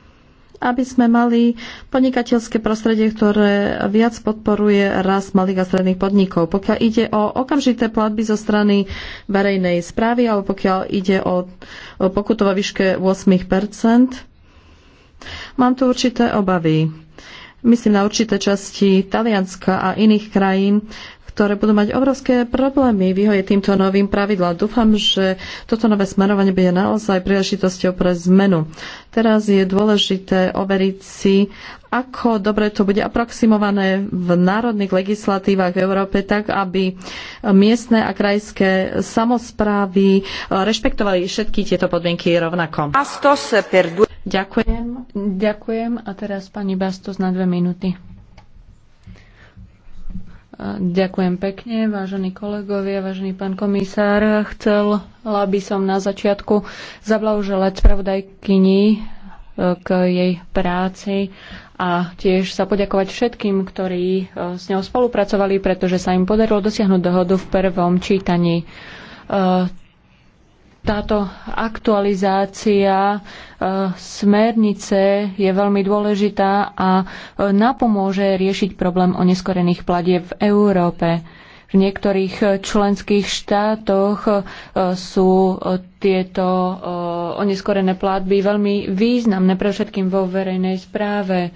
aby sme mali podnikateľské prostredie, ktoré viac podporuje rast malých a stredných podnikov. Pokiaľ ide o okamžité platby zo strany verejnej správy, alebo pokiaľ ide o pokutu vo výške 8 mám tu určité obavy. Myslím na určité časti Talianska a iných krajín, ktoré budú mať obrovské problémy vyhoje týmto novým pravidlám. Dúfam, že toto nové smerovanie bude naozaj príležitosťou pre zmenu. Teraz je dôležité overiť si, ako dobre to bude aproximované v národných legislatívach v Európe, tak aby miestne a krajské samozprávy rešpektovali všetky tieto podmienky rovnako. Ďakujem. Ďakujem. A teraz pani Bastos na dve minúty. Ďakujem pekne, vážení kolegovia, vážený pán komisár. Chcela by som na začiatku zablahoželať spravodajkyni e, k jej práci a tiež sa poďakovať všetkým, ktorí e, s ňou spolupracovali, pretože sa im podarilo dosiahnuť dohodu v prvom čítaní e, táto aktualizácia e, smernice je veľmi dôležitá a e, napomôže riešiť problém oneskorených platieb v Európe. V niektorých e, členských štátoch sú tieto oneskorené platby veľmi významné, pre všetkým vo verejnej správe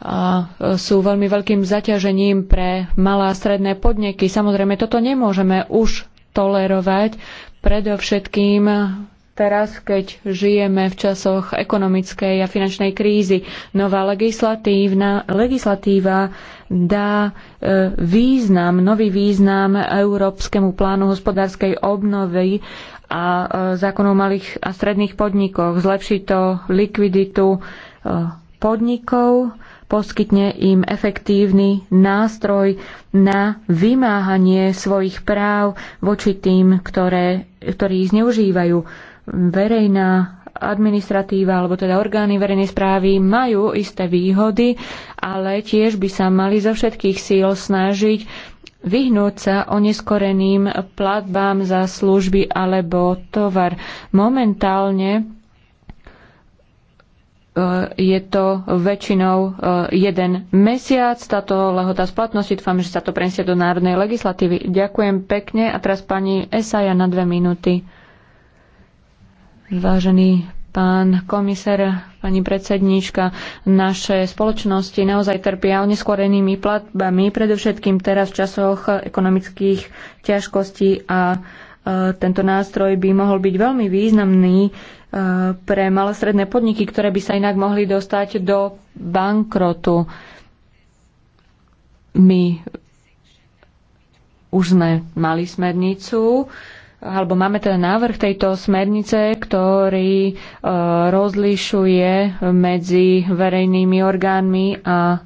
a sú veľmi veľkým zaťažením pre malé a stredné podniky. Samozrejme, toto nemôžeme už tolerovať, Predovšetkým teraz, keď žijeme v časoch ekonomickej a finančnej krízy. Nová legislatívna, legislatíva dá e, význam, nový význam Európskemu plánu hospodárskej obnovy a e, zákonu o malých a stredných podnikoch. Zlepší to likviditu e, podnikov poskytne im efektívny nástroj na vymáhanie svojich práv voči tým, ktoré, ktorí ich zneužívajú. Verejná administratíva alebo teda orgány verejnej správy majú isté výhody, ale tiež by sa mali zo všetkých síl snažiť vyhnúť sa oneskoreným platbám za služby alebo tovar. Momentálne E, je to väčšinou e, jeden mesiac, táto lehota splatnosti. Dúfam, že sa to prenesie do národnej legislatívy. Ďakujem pekne. A teraz pani Esaja na dve minúty. Vážený pán komisár, pani predsedníčka, naše spoločnosti naozaj trpia oneskorenými platbami, predovšetkým teraz v časoch ekonomických ťažkostí a E, tento nástroj by mohol byť veľmi významný e, pre malostredné podniky, ktoré by sa inak mohli dostať do bankrotu. My už sme mali smernicu, alebo máme teda návrh tejto smernice, ktorý e, rozlišuje medzi verejnými orgánmi a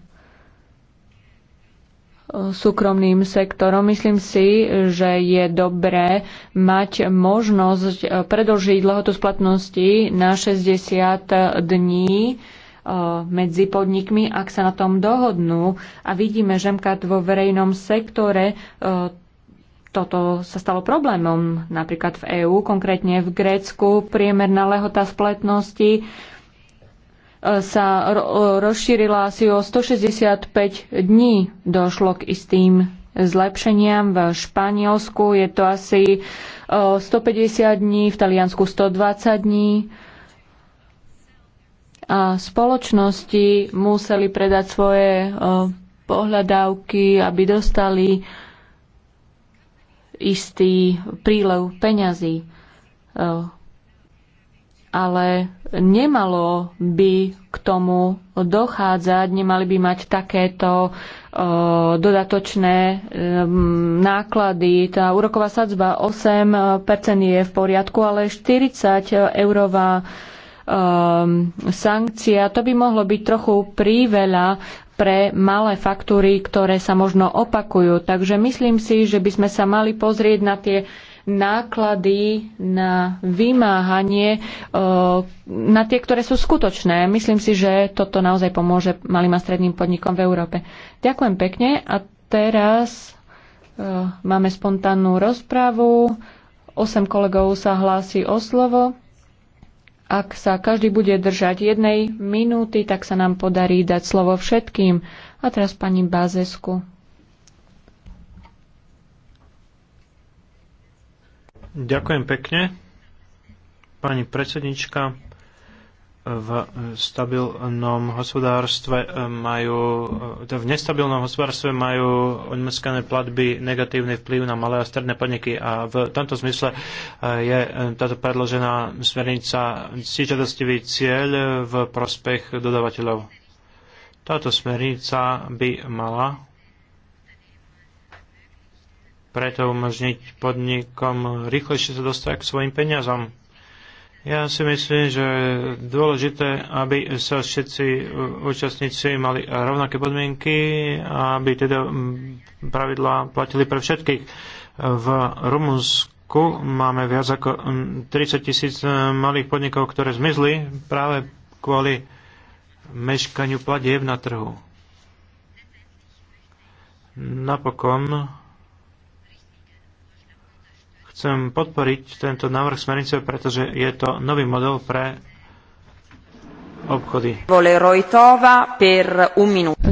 súkromným sektorom. Myslím si, že je dobré mať možnosť e, predlžiť lehotu splatnosti na 60 dní e, medzi podnikmi, ak sa na tom dohodnú. A vidíme, že MKAT vo verejnom sektore e, toto sa stalo problémom napríklad v EÚ, konkrétne v Grécku. Priemerná lehota splatnosti sa rozšírila asi o 165 dní. Došlo k istým zlepšeniam v Španielsku. Je to asi 150 dní, v Taliansku 120 dní. A spoločnosti museli predať svoje pohľadávky, aby dostali istý prílev peňazí ale nemalo by k tomu dochádzať, nemali by mať takéto e, dodatočné e, náklady. Tá úroková sadzba 8% e, je v poriadku, ale 40 eurová sankcia, to by mohlo byť trochu príveľa pre malé faktúry, ktoré sa možno opakujú. Takže myslím si, že by sme sa mali pozrieť na tie náklady na vymáhanie, e, na tie, ktoré sú skutočné. Myslím si, že toto naozaj pomôže malým a stredným podnikom v Európe. Ďakujem pekne a teraz e, máme spontánnu rozpravu. Osem kolegov sa hlási o slovo. Ak sa každý bude držať jednej minúty, tak sa nám podarí dať slovo všetkým. A teraz pani Bázesku. Ďakujem pekne. Pani predsednička, v stabilnom hospodárstve eh, majú, eh, v nestabilnom hospodárstve majú odmeskané platby negatívny vplyv na malé a stredné podniky a v tomto zmysle eh, je táto predložená smernica sičadostivý cieľ v prospech dodavateľov. Táto smernica by mala preto umožniť podnikom rýchlejšie sa dostať k svojim peniazom. Ja si myslím, že je dôležité, aby sa všetci účastníci mali rovnaké podmienky, a aby teda pravidlá platili pre všetkých. V Rumunsku máme viac ako 30 tisíc malých podnikov, ktoré zmizli práve kvôli meškaniu platieb na trhu. Napokon Chcem podporiť tento návrh smernice, pretože je to nový model pre obchody.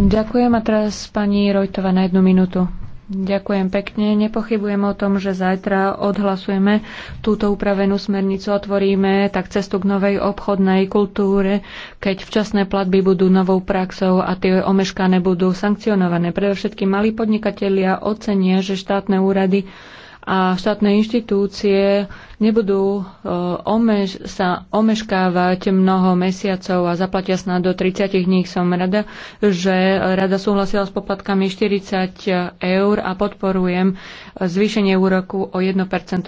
Ďakujem a teraz pani Rojtova na jednu minútu. Ďakujem pekne. Nepochybujem o tom, že zajtra odhlasujeme túto upravenú smernicu, otvoríme tak cestu k novej obchodnej kultúre, keď včasné platby budú novou praxou a tie omeškané budú sankcionované. Predovšetkým malí podnikatelia ocenia, že štátne úrady a štátne inštitúcie nebudú e, omež, sa omeškávať mnoho mesiacov a zaplatia snad do 30 dní. Som rada, že rada súhlasila s poplatkami 40 eur a podporujem zvýšenie úroku o 1%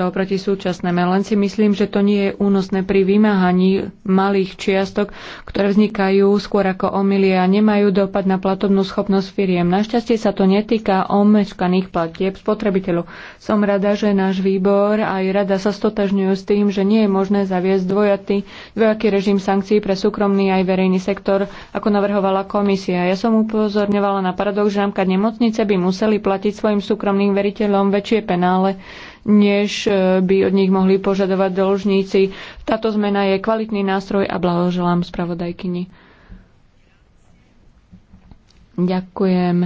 oproti súčasnému. Len si myslím, že to nie je únosné pri vymáhaní malých čiastok, ktoré vznikajú skôr ako omilie a nemajú dopad na platobnú schopnosť firiem. Našťastie sa to netýka omeškaných platieb spotrebiteľov. Som rada, rada, že náš výbor aj rada sa stotažňujú s tým, že nie je možné zaviesť dvojatý, dvojaký režim sankcií pre súkromný aj verejný sektor, ako navrhovala komisia. Ja som upozorňovala na paradox, že napríklad nemocnice by museli platiť svojim súkromným veriteľom väčšie penále, než e, by od nich mohli požadovať dlžníci. Táto zmena je kvalitný nástroj a blahoželám spravodajkyni. Ďakujem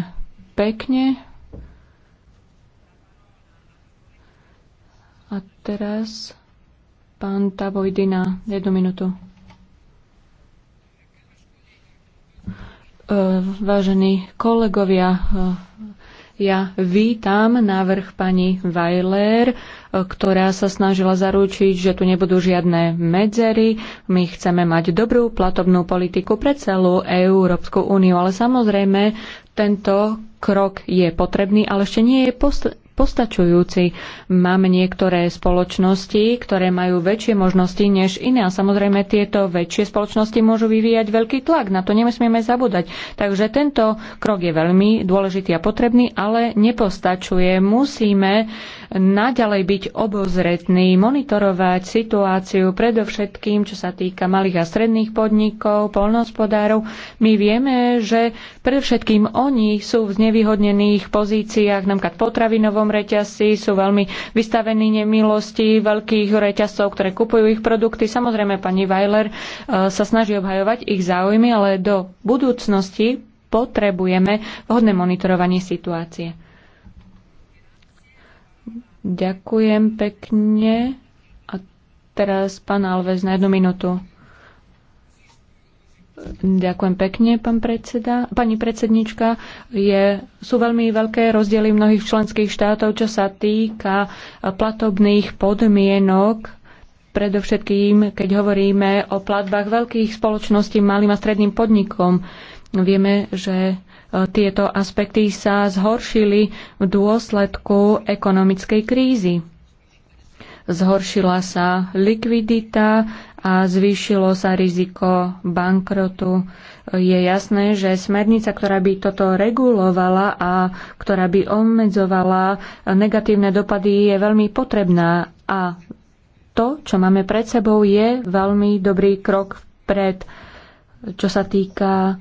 pekne. A teraz pán Tavojdina, jednu minútu. E, vážení kolegovia, e, ja vítam návrh pani Weiler, e, ktorá sa snažila zaručiť, že tu nebudú žiadne medzery. My chceme mať dobrú platobnú politiku pre celú Európsku úniu, ale samozrejme tento krok je potrebný, ale ešte nie je postačujúci. Máme niektoré spoločnosti, ktoré majú väčšie možnosti než iné a samozrejme tieto väčšie spoločnosti môžu vyvíjať veľký tlak. Na to nemusíme zabúdať. Takže tento krok je veľmi dôležitý a potrebný, ale nepostačuje. Musíme naďalej byť obozretný, monitorovať situáciu predovšetkým, čo sa týka malých a stredných podnikov, polnohospodárov. My vieme, že predovšetkým oni sú v znevýhodnených pozíciách, napríklad v potravinovom reťazci, sú veľmi vystavení nemilosti veľkých reťazcov, ktoré kupujú ich produkty. Samozrejme, pani Weiler e, sa snaží obhajovať ich záujmy, ale do budúcnosti potrebujeme vhodné monitorovanie situácie. Ďakujem pekne. A teraz pán Alves na jednu minútu. Ďakujem pekne, pán predseda. Pani predsednička, je, sú veľmi veľké rozdiely mnohých členských štátov, čo sa týka platobných podmienok predovšetkým, keď hovoríme o platbách veľkých spoločností malým a stredným podnikom. Vieme, že E, tieto aspekty sa zhoršili v dôsledku ekonomickej krízy. Zhoršila sa likvidita a zvýšilo sa riziko bankrotu. Je jasné, že smernica, ktorá by toto regulovala a ktorá by obmedzovala negatívne dopady, je veľmi potrebná a to, čo máme pred sebou, je veľmi dobrý krok vpred, čo sa týka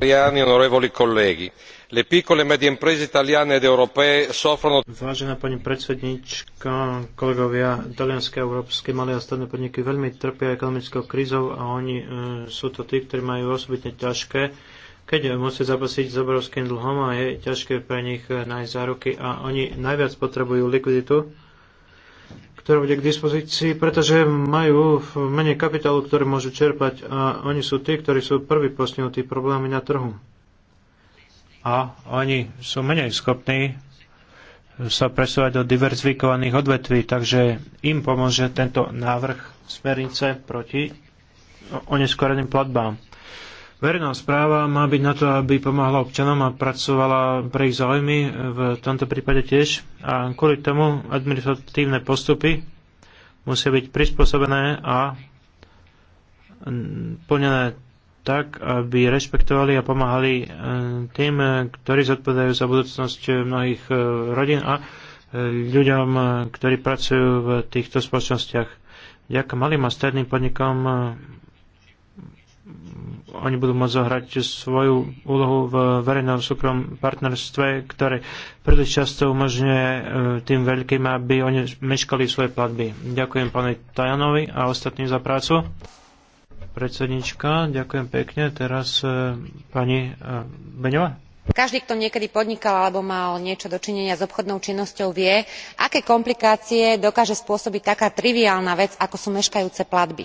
E Vážená pani predsedníčka, kolegovia, talianské, európske malé a stredné podniky veľmi trpia ekonomickou krízou a oni e, sú to tí, ktorí majú osobitne ťažké, keď musia zapasiť s obrovským dlhom a je ťažké pre nich e, nájsť záruky a oni najviac potrebujú likviditu ktoré bude k dispozícii, pretože majú menej kapitálu, ktoré môžu čerpať a oni sú tí, ktorí sú prví postihnutí problémy na trhu. A oni sú menej schopní sa presúvať do diverzifikovaných odvetví, takže im pomôže tento návrh smernice proti oneskoreným platbám. Verejná správa má byť na to, aby pomáhala občanom a pracovala pre ich záujmy, v tomto prípade tiež. A kvôli tomu administratívne postupy musia byť prispôsobené a plnené tak, aby rešpektovali a pomáhali e, tým, ktorí zodpovedajú za budúcnosť mnohých e, rodín a e, ľuďom, ktorí pracujú v týchto spoločnostiach. Ďakujem malým a stredným podnikom oni budú môcť zohrať svoju úlohu v verejnom súkromnom partnerstve, ktoré príliš často umožňuje e, tým veľkým, aby oni meškali svoje platby. Ďakujem pani Tajanovi a ostatným za prácu. Predsednička, ďakujem pekne. Teraz e, pani e, Beňová. Každý, kto niekedy podnikal alebo mal niečo dočinenia s obchodnou činnosťou, vie, aké komplikácie dokáže spôsobiť taká triviálna vec, ako sú meškajúce platby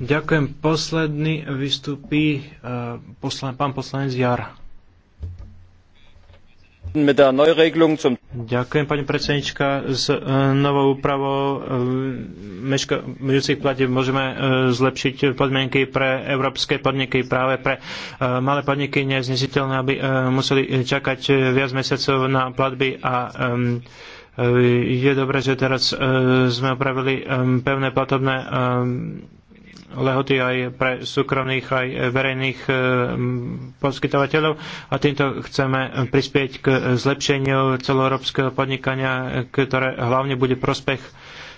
Ďakujem. Posledný vystupí uh, eh, poslen, pán poslanec Jar. Ďakujem, pani predsednička. S eh, novou úpravou uh, platieb môžeme zlepšiť podmienky pre európske podniky, práve pre malé podniky neznesiteľné, aby museli čakať viac mesiacov na platby a um, Eh, je dobré, že teraz eh, sme opravili eh, pevné platobné lehoty aj pre súkromných, aj verejných poskytovateľov a týmto chceme prispieť k zlepšeniu celoeurópskeho podnikania, ktoré hlavne bude prospech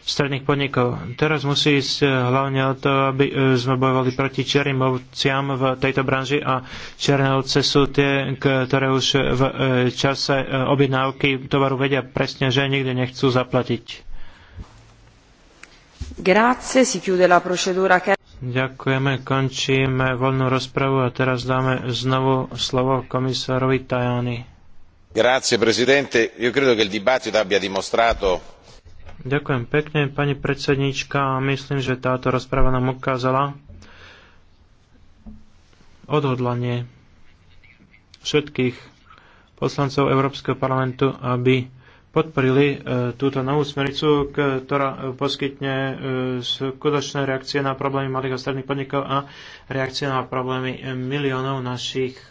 stredných podnikov. Teraz musí ísť eh, hlavne o to, aby eh, sme bojovali proti čiernym ovciam v tejto branži a čierne ovce sú tie, ktoré už v eh, čase objednávky tovaru vedia presne, že nikdy nechcú zaplatiť. Grazie, si chiude la procedura Ďakujeme, končíme voľnú rozpravu a teraz dáme znovu slovo komisárovi Tajani. Grazie Presidente, io credo che il dibattito abbia dimostrato Ďakujem pekne, pani predsednička. Myslím, že táto rozpráva nám ukázala odhodlanie všetkých poslancov Európskeho parlamentu, aby podporili e, túto novú smericu, ktorá poskytne e, skutočné reakcie na problémy malých a stredných podnikov a reakcie na problémy miliónov našich e,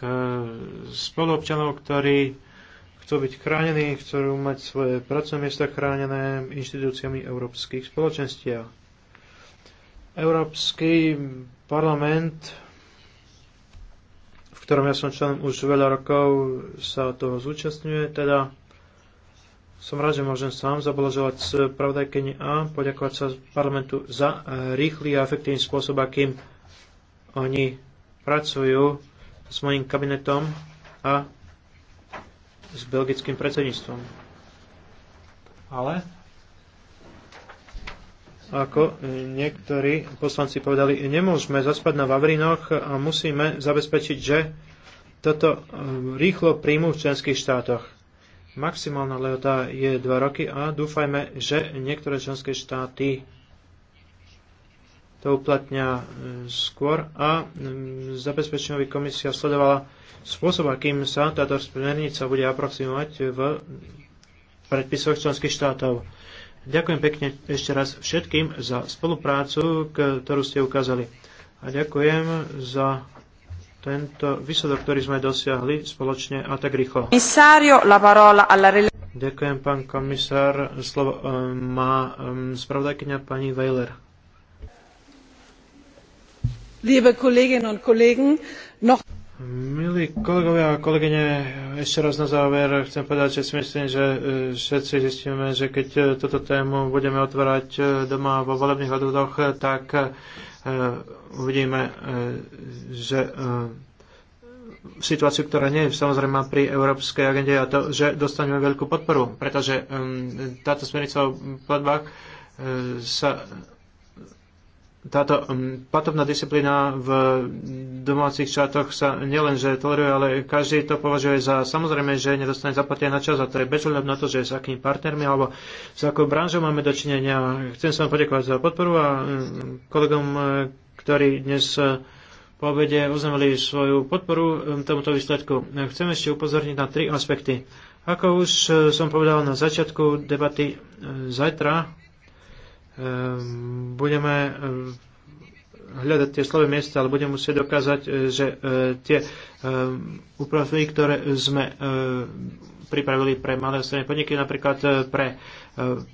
spoluobčanov, ktorí chcú byť chránení, chcú mať svoje pracovné miesta chránené inštitúciami európskych spoločenstiev. Európsky parlament, v ktorom ja som členom už veľa rokov, sa toho zúčastňuje, teda som rád, že môžem sám s pravdajkeni a poďakovať sa parlamentu za rýchly a efektívny spôsob, akým oni pracujú s mojim kabinetom a s belgickým predsedníctvom. Ale ako niektorí poslanci povedali, nemôžeme zaspať na Vavrinoch a musíme zabezpečiť, že toto um, rýchlo príjmu v členských štátoch. Maximálna lehota je 2 roky a dúfajme, že niektoré členské štáty to uplatňa e, skôr a zabezpečená by komisia sledovala spôsob, akým sa táto smernica bude aproximovať v predpisoch členských štátov. Ďakujem pekne ešte raz všetkým za spoluprácu, ktorú ste ukázali. A ďakujem za tento výsledok, ktorý sme dosiahli spoločne a tak rýchlo. Ďakujem, pán komisár. Slovo e, má e, spravodajkynia pani Weiler. Milí kolegovia a kolegyne, ešte raz na záver chcem povedať, že si myslím, že e, všetci zistíme, že keď e, toto tému budeme otvárať e, doma vo volebných hľadoch, tak uvidíme, že situáciu, ktorá nie je samozrejme pri Európskej agende a to, že dostaneme veľkú podporu, pretože táto smernica o platbách sa táto mm, platobná disciplína v domácich štátoch sa nielenže toleruje, ale každý to považuje za samozrejme, že nedostane zaplatené na čas a to je bez na to, že s akými partnermi alebo s akou branžou máme dočinenia. Chcem sa vám poďakovať za podporu a mm, kolegom, e, ktorí dnes e, po obede uznamili svoju podporu e, tomuto výsledku. Chcem ešte upozorniť na tri aspekty. Ako už som povedal na začiatku debaty, zajtra Ehm, budeme ehm, hľadať tie slabé miesta, ale budeme musieť dokázať, e, že e, tie úpravy, ehm, ktoré sme e, pripravili pre malé strany podniky, napríklad pre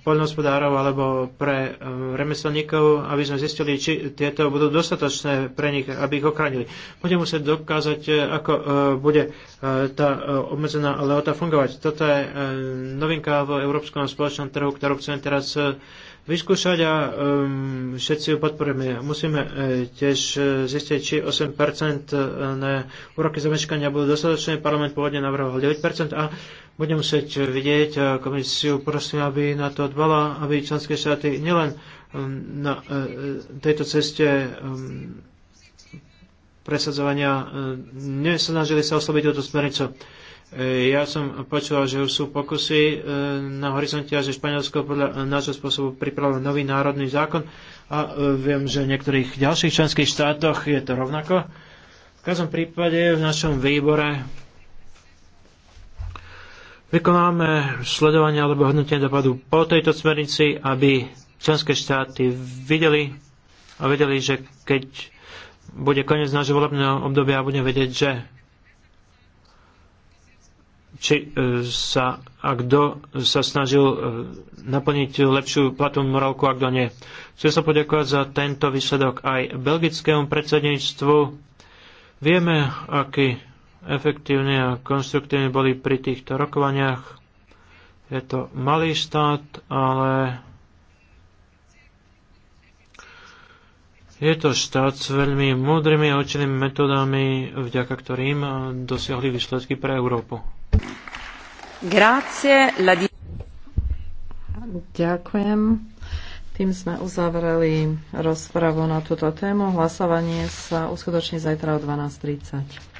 poľnohospodárov alebo pre remeselníkov, aby sme zistili, či tieto budú dostatočné pre nich, aby ich ochránili. Budeme musieť dokázať, ako bude tá obmedzená lehota fungovať. Toto je novinka v európskom spoločnom trhu, ktorú chcem teraz vyskúšať a um, všetci ju podporujeme. Musíme e, tiež e, zistiť, či 8% e, na úroky zameškania budú dostatočné. Parlament pôvodne navrhoval 9% a budem musieť vidieť e, komisiu, prosím, aby na to dbala, aby členské štáty nielen um, na e, tejto ceste um, presadzovania e, nesnažili sa oslobiť túto smernicu. Eh, ja som počúval, že už sú pokusy eh, na horizonte a že Španielsko podľa eh, nášho spôsobu pripravilo nový národný zákon a viem, že v niektorých ďalších členských štátoch je to rovnako. V každom prípade v našom výbore vykonáme sledovanie alebo hodnotenie dopadu po tejto smernici, aby členské štáty videli a vedeli, že keď bude koniec nášho volebného obdobia a budeme vedieť, že či e, sa, a kto sa snažil e, naplniť lepšiu platovú morálku a kto nie. Chcem sa poďakovať za tento výsledok aj belgickému predsedníctvu. Vieme, aký efektívne a konstruktívne boli pri týchto rokovaniach. Je to malý štát, ale je to štát s veľmi múdrymi a očenými metodami, vďaka ktorým dosiahli výsledky pre Európu. Ďakujem. Tým sme uzavreli rozpravu na túto tému. Hlasovanie sa uskutoční zajtra o 12.30.